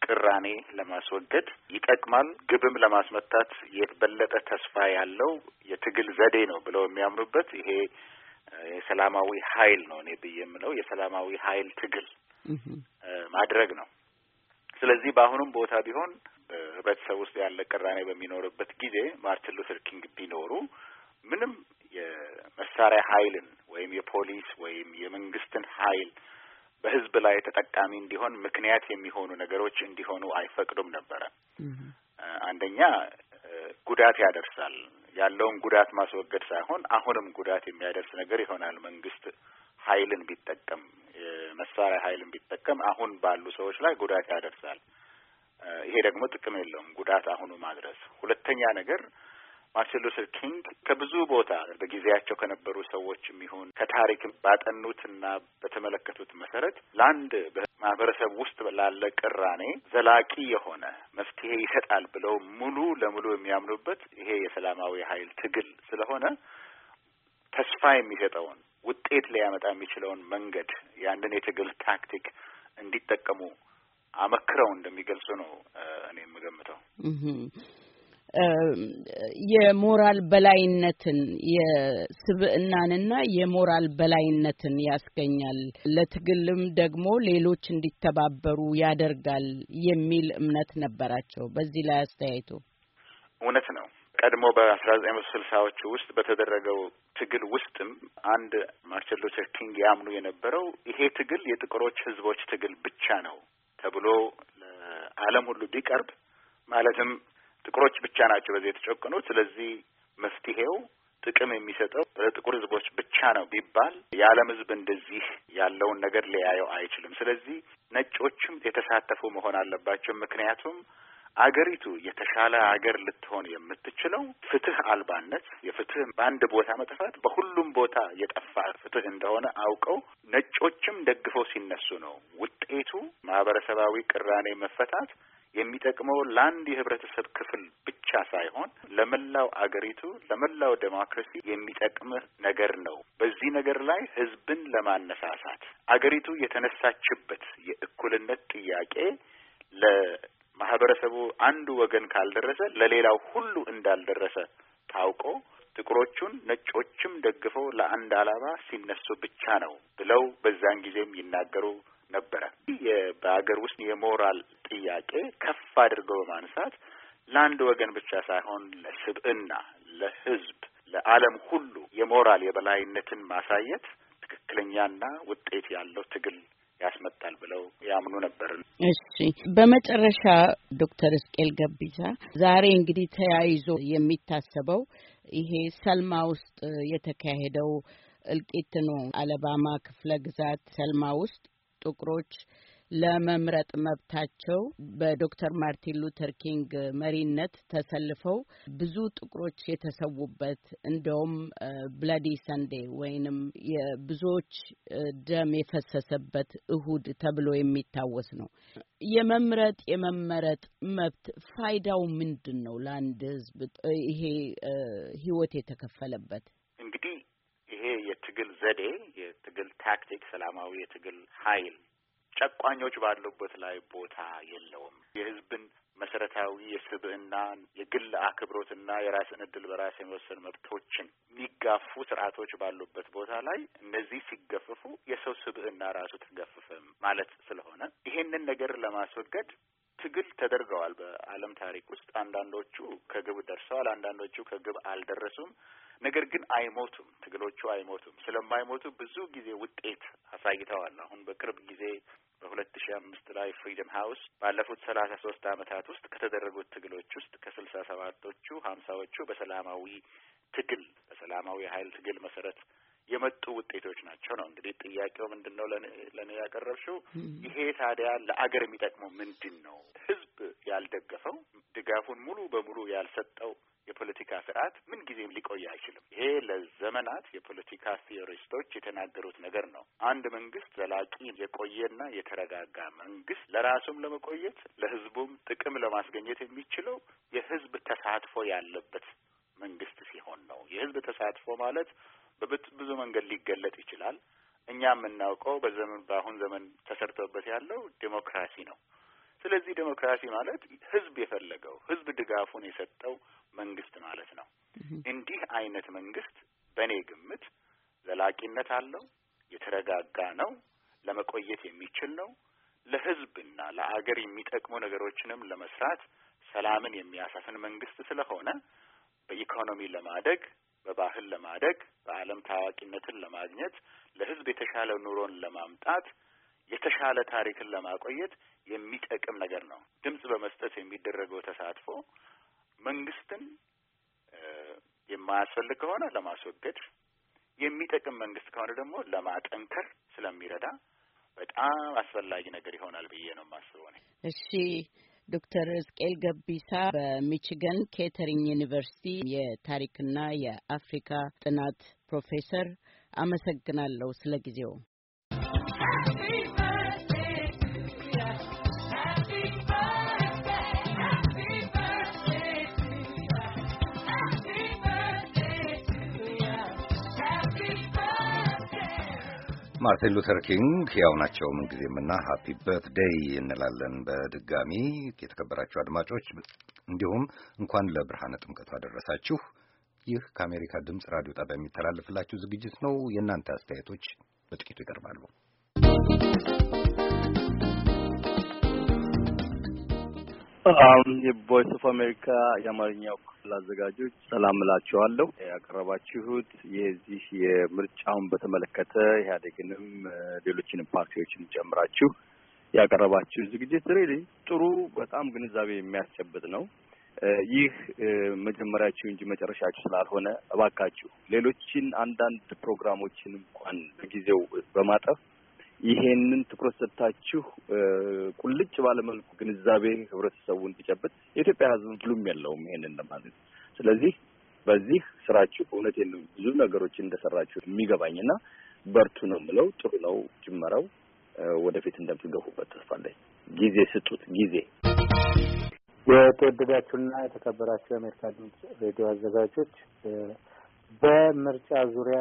ቅራኔ ለማስወገድ ይጠቅማል፣ ግብም ለማስመታት የበለጠ ተስፋ ያለው የትግል ዘዴ ነው ብለው የሚያምኑበት ይሄ የሰላማዊ ኃይል ነው እኔ ብዬ የምለው የሰላማዊ ኃይል ትግል ማድረግ ነው። ስለዚህ በአሁኑም ቦታ ቢሆን በህብረተሰብ ውስጥ ያለ ቅራኔ በሚኖርበት ጊዜ ማርቲን ሉተር ኪንግ ቢኖሩ ምንም የመሳሪያ ኃይልን ወይም የፖሊስ ወይም የመንግስትን ኃይል በህዝብ ላይ ተጠቃሚ እንዲሆን ምክንያት የሚሆኑ ነገሮች እንዲሆኑ አይፈቅዱም ነበረ። አንደኛ ጉዳት ያደርሳል ያለውን ጉዳት ማስወገድ ሳይሆን አሁንም ጉዳት የሚያደርስ ነገር ይሆናል። መንግስት ኃይልን ቢጠቀም የመሳሪያ ኃይልን ቢጠቀም አሁን ባሉ ሰዎች ላይ ጉዳት ያደርሳል። ይሄ ደግሞ ጥቅም የለውም፣ ጉዳት አሁኑ ማድረስ። ሁለተኛ ነገር ማርቲን ሉተር ኪንግ ከብዙ ቦታ በጊዜያቸው ከነበሩ ሰዎች የሚሆን ከታሪክ ባጠኑትና በተመለከቱት መሰረት ለአንድ ማህበረሰብ ውስጥ ላለ ቅራኔ ዘላቂ የሆነ መፍትሄ ይሰጣል ብለው ሙሉ ለሙሉ የሚያምኑበት ይሄ የሰላማዊ ኃይል ትግል ስለሆነ ተስፋ የሚሰጠውን ውጤት ሊያመጣ የሚችለውን መንገድ ያንን የትግል ታክቲክ እንዲጠቀሙ አመክረው እንደሚገልጹ ነው እኔ የምገምተው። የሞራል በላይነትን የስብዕናንና የሞራል በላይነትን ያስገኛል፣ ለትግልም ደግሞ ሌሎች እንዲተባበሩ ያደርጋል የሚል እምነት ነበራቸው። በዚህ ላይ አስተያየቱ እውነት ነው። ቀድሞ በአስራ ዘጠኝ መቶ ስልሳዎቹ ውስጥ በተደረገው ትግል ውስጥም አንድ ማርቲን ሉተር ኪንግ ያምኑ የነበረው ይሄ ትግል የጥቁሮች ሕዝቦች ትግል ብቻ ነው ተብሎ ለዓለም ሁሉ ቢቀርብ ማለትም ጥቁሮች ብቻ ናቸው በዚህ የተጨቆኑት። ስለዚህ መፍትሄው ጥቅም የሚሰጠው ለጥቁር ህዝቦች ብቻ ነው ቢባል የዓለም ህዝብ እንደዚህ ያለውን ነገር ሊያየው አይችልም። ስለዚህ ነጮችም የተሳተፉ መሆን አለባቸው። ምክንያቱም አገሪቱ የተሻለ አገር ልትሆን የምትችለው ፍትህ አልባነት የፍትህ በአንድ ቦታ መጥፋት በሁሉም ቦታ የጠፋ ፍትህ እንደሆነ አውቀው ነጮችም ደግፈው ሲነሱ ነው። ውጤቱ ማህበረሰባዊ ቅራኔ መፈታት የሚጠቅመው ለአንድ የህብረተሰብ ክፍል ብቻ ሳይሆን ለመላው አገሪቱ፣ ለመላው ዴሞክራሲ የሚጠቅም ነገር ነው። በዚህ ነገር ላይ ህዝብን ለማነሳሳት አገሪቱ የተነሳችበት የእኩልነት ጥያቄ ለማህበረሰቡ አንዱ ወገን ካልደረሰ ለሌላው ሁሉ እንዳልደረሰ ታውቆ ጥቁሮቹን ነጮችም ደግፈው ለአንድ አላባ ሲነሱ ብቻ ነው ብለው በዛን ጊዜም ይናገሩ ነበረ። በሀገር ውስጥ የሞራል ጥያቄ ከፍ አድርገው በማንሳት ለአንድ ወገን ብቻ ሳይሆን ለስብዕና፣ ለህዝብ ለዓለም ሁሉ የሞራል የበላይነትን ማሳየት ትክክለኛና ውጤት ያለው ትግል ያስመጣል ብለው ያምኑ ነበር። እሺ፣ በመጨረሻ ዶክተር እስቄል ገቢሳ ዛሬ እንግዲህ ተያይዞ የሚታሰበው ይሄ ሰልማ ውስጥ የተካሄደው እልቂት ነው። አለባማ ክፍለ ግዛት ሰልማ ውስጥ ጥቁሮች ለመምረጥ መብታቸው በዶክተር ማርቲን ሉተር ኪንግ መሪነት ተሰልፈው ብዙ ጥቁሮች የተሰዉበት እንደውም ብላዲ ሰንዴ ወይንም የብዙዎች ደም የፈሰሰበት እሁድ ተብሎ የሚታወስ ነው። የመምረጥ የመመረጥ መብት ፋይዳው ምንድን ነው? ለአንድ ህዝብ ይሄ ህይወት የተከፈለበት እንግዲህ ይሄ የትግል ዘዴ የትግል ታክቲክ ሰላማዊ የትግል ኃይል ጨቋኞች ባሉበት ላይ ቦታ የለውም። የህዝብን መሰረታዊ የስብዕና የግል አክብሮትና የራስን እድል በራስ የመወሰን መብቶችን የሚጋፉ ስርዓቶች ባሉበት ቦታ ላይ እነዚህ ሲገፍፉ የሰው ስብዕና ራሱ ተገፍፈ ማለት ስለሆነ ይሄንን ነገር ለማስወገድ ትግል ተደርገዋል በዓለም ታሪክ ውስጥ አንዳንዶቹ ከግብ ደርሰዋል፣ አንዳንዶቹ ከግብ አልደረሱም። ነገር ግን አይሞቱም፣ ትግሎቹ አይሞቱም። ስለማይሞቱ ብዙ ጊዜ ውጤት አሳይተዋል። አሁን በቅርብ ጊዜ በሁለት ሺ አምስት ላይ ፍሪደም ሀውስ ባለፉት ሰላሳ ሶስት አመታት ውስጥ ከተደረጉት ትግሎች ውስጥ ከስልሳ ሰባቶቹ ሀምሳዎቹ በሰላማዊ ትግል በሰላማዊ ሀይል ትግል መሰረት የመጡ ውጤቶች ናቸው ነው እንግዲህ ጥያቄው ምንድን ነው ለእኔ ያቀረብሽው ይሄ ታዲያ ለአገር የሚጠቅመው ምንድን ነው ህዝብ ያልደገፈው ድጋፉን ሙሉ በሙሉ ያልሰጠው የፖለቲካ ስርዓት ምን ጊዜም ሊቆይ አይችልም። ይሄ ለዘመናት የፖለቲካ ቴዎሪስቶች የተናገሩት ነገር ነው። አንድ መንግስት ዘላቂ የቆየና የተረጋጋ መንግስት ለራሱም ለመቆየት ለህዝቡም ጥቅም ለማስገኘት የሚችለው የህዝብ ተሳትፎ ያለበት መንግስት ሲሆን ነው። የህዝብ ተሳትፎ ማለት ብዙ መንገድ ሊገለጥ ይችላል። እኛ የምናውቀው በዘመን በአሁን ዘመን ተሰርቶበት ያለው ዴሞክራሲ ነው። ስለዚህ ዴሞክራሲ ማለት ህዝብ የፈለገው ህዝብ ድጋፉን የሰጠው መንግስት ማለት ነው። እንዲህ አይነት መንግስት በእኔ ግምት ዘላቂነት አለው፣ የተረጋጋ ነው፣ ለመቆየት የሚችል ነው። ለህዝብና ለአገር የሚጠቅሙ ነገሮችንም ለመስራት ሰላምን የሚያሰፍን መንግስት ስለሆነ በኢኮኖሚ ለማደግ በባህል ለማደግ በዓለም ታዋቂነትን ለማግኘት ለሕዝብ የተሻለ ኑሮን ለማምጣት የተሻለ ታሪክን ለማቆየት የሚጠቅም ነገር ነው። ድምፅ በመስጠት የሚደረገው ተሳትፎ መንግስትን የማያስፈልግ ከሆነ ለማስወገድ የሚጠቅም መንግስት ከሆነ ደግሞ ለማጠንከር ስለሚረዳ በጣም አስፈላጊ ነገር ይሆናል ብዬ ነው የማስበው። እሺ ዶክተር እዝቅኤል ገቢሳ በሚችገን ኬተሪንግ ዩኒቨርሲቲ የታሪክና የአፍሪካ ጥናት ፕሮፌሰር፣ አመሰግናለሁ ስለ ጊዜው። ማርቲን ሉተር ኪንግ ያው ናቸው ምንጊዜምና ሃፒ በት ዴይ እንላለን በድጋሚ የተከበራችሁ አድማጮች፣ እንዲሁም እንኳን ለብርሃነ ጥምቀቱ አደረሳችሁ። ይህ ከአሜሪካ ድምፅ ራዲዮ ጣቢያ የሚተላለፍላችሁ ዝግጅት ነው። የእናንተ አስተያየቶች በጥቂቱ ይቀርባሉ። የቮይስ ኦፍ አሜሪካ የአማርኛው ክፍል አዘጋጆች ሰላም እላችኋለሁ። ያቀረባችሁት የዚህ የምርጫውን በተመለከተ ኢህአዴግንም ሌሎችንም ፓርቲዎችን ጨምራችሁ ያቀረባችሁ ዝግጅት ሬሊ ጥሩ፣ በጣም ግንዛቤ የሚያስጨብጥ ነው። ይህ መጀመሪያችሁ እንጂ መጨረሻችሁ ስላልሆነ እባካችሁ ሌሎችን አንዳንድ ፕሮግራሞችን እንኳን በጊዜው በማጠፍ ይሄንን ትኩረት ሰጥታችሁ ቁልጭ ባለመልኩ ግንዛቤ ህብረተሰቡ እንዲጨብጥ የኢትዮጵያ ህዝብ ብሉም የለውም ይሄንን ለማለት ስለዚህ በዚህ ስራችሁ እውነት ብዙ ነገሮች እንደሰራችሁ የሚገባኝና በርቱ ነው የምለው። ጥሩ ነው ጅመረው፣ ወደፊት እንደምትገፉበት ተስፋ አለኝ። ጊዜ ስጡት ጊዜ። የተወደዳችሁና የተከበራችሁ የአሜሪካ ድምፅ ሬዲዮ አዘጋጆች በምርጫ ዙሪያ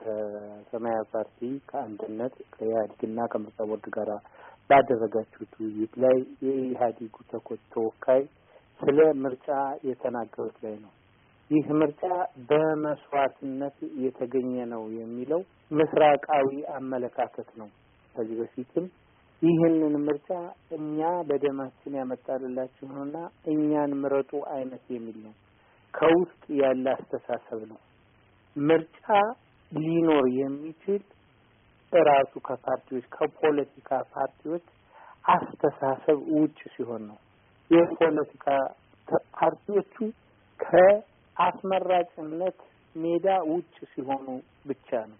ከሰማያዊ ፓርቲ ከአንድነት ከኢህአዴግና ከምርጫ ቦርድ ጋር ባደረጋችሁት ውይይት ላይ የኢህአዴጉ ተወካይ ስለ ምርጫ የተናገሩት ላይ ነው። ይህ ምርጫ በመስዋዕትነት የተገኘ ነው የሚለው ምስራቃዊ አመለካከት ነው። ከዚህ በፊትም ይህንን ምርጫ እኛ በደማችን ያመጣልላችሁ ነውና እኛን ምረጡ አይነት የሚል ነው። ከውስጥ ያለ አስተሳሰብ ነው። ምርጫ ሊኖር የሚችል እራሱ ከፓርቲዎች ከፖለቲካ ፓርቲዎች አስተሳሰብ ውጭ ሲሆን ነው። የፖለቲካ ፓርቲዎቹ ከአስመራጭነት ሜዳ ውጭ ሲሆኑ ብቻ ነው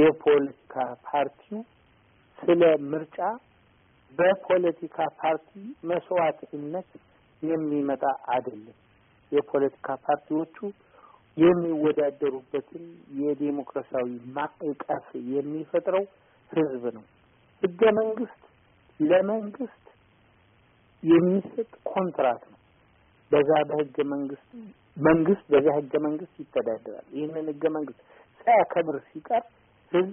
የፖለቲካ ፓርቲው ስለ ምርጫ በፖለቲካ ፓርቲ መስዋዕትነት የሚመጣ አይደለም። የፖለቲካ ፓርቲዎቹ የሚወዳደሩበትን የዴሞክራሲያዊ ማዕቀፍ የሚፈጥረው ህዝብ ነው። ህገ መንግስት ለመንግስት የሚሰጥ ኮንትራት ነው። በዛ በህገ መንግስት መንግስት በዛ ህገ መንግስት ይተዳደራል። ይህንን ህገ መንግስት ሳያከብር ሲቀር ህዝብ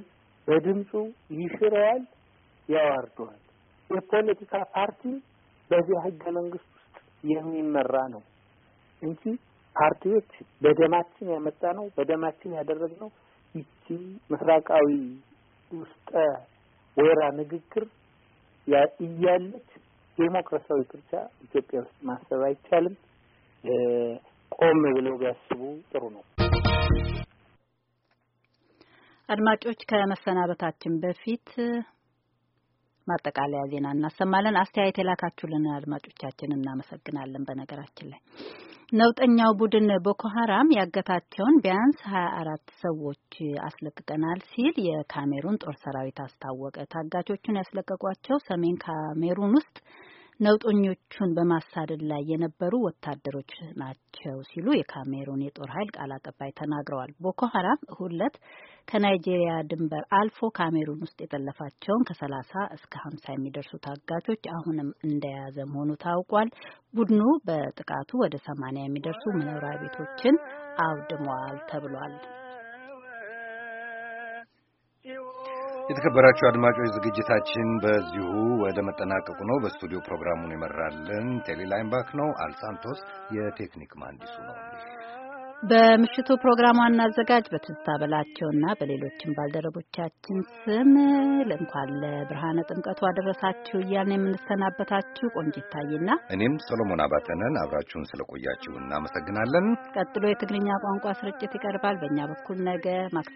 በድምፁ ይሽረዋል፣ ያዋርደዋል። የፖለቲካ ፓርቲ በዚያ ህገ መንግስት ውስጥ የሚመራ ነው እንጂ ፓርቲዎች በደማችን ያመጣ ነው በደማችን ያደረግ ነው። ይቺ ምስራቃዊ ውስጠ ወይራ ንግግር እያለች ዴሞክራሲያዊ ቅርቻ ኢትዮጵያ ውስጥ ማሰብ አይቻልም። ቆም ብለው ቢያስቡ ጥሩ ነው። አድማጮች ከመሰናበታችን በፊት ማጠቃለያ ዜና እናሰማለን። አስተያየት የላካችሁልን አድማጮቻችን እናመሰግናለን። በነገራችን ላይ ነውጠኛው ቡድን ቦኮ ሀራም ያገታቸውን ቢያንስ ሀያ አራት ሰዎች አስለቅቀናል ሲል የካሜሩን ጦር ሰራዊት አስታወቀ። ታጋቾቹን ያስለቀቋቸው ሰሜን ካሜሩን ውስጥ ነውጠኞቹን በማሳደድ ላይ የነበሩ ወታደሮች ናቸው ሲሉ የካሜሩን የጦር ኃይል ቃል አቀባይ ተናግረዋል። ቦኮ ሀራም እሁድ ዕለት ከናይጄሪያ ድንበር አልፎ ካሜሩን ውስጥ የጠለፋቸውን ከሰላሳ እስከ ሀምሳ የሚደርሱ ታጋቾች አሁንም እንደያዘ መሆኑ ታውቋል። ቡድኑ በጥቃቱ ወደ ሰማንያ የሚደርሱ መኖሪያ ቤቶችን አውድመዋል ተብሏል። የተከበራችሁ አድማጮች ዝግጅታችን በዚሁ ወደ መጠናቀቁ ነው። በስቱዲዮ ፕሮግራሙን የመራልን ቴሌላይምባክ ነው። አልሳንቶስ የቴክኒክ መሀንዲሱ ነው። በምሽቱ ፕሮግራም ዋና አዘጋጅ በትዝታ በላቸውና በሌሎችም ባልደረቦቻችን ስም እንኳን ለብርሃነ ጥምቀቱ አደረሳችሁ እያልን የምንሰናበታችሁ ቆንጅ ይታይና እኔም ሰሎሞን አባተነን አብራችሁን ስለቆያችሁ እናመሰግናለን። ቀጥሎ የትግርኛ ቋንቋ ስርጭት ይቀርባል። በእኛ በኩል ነገ ማክሰ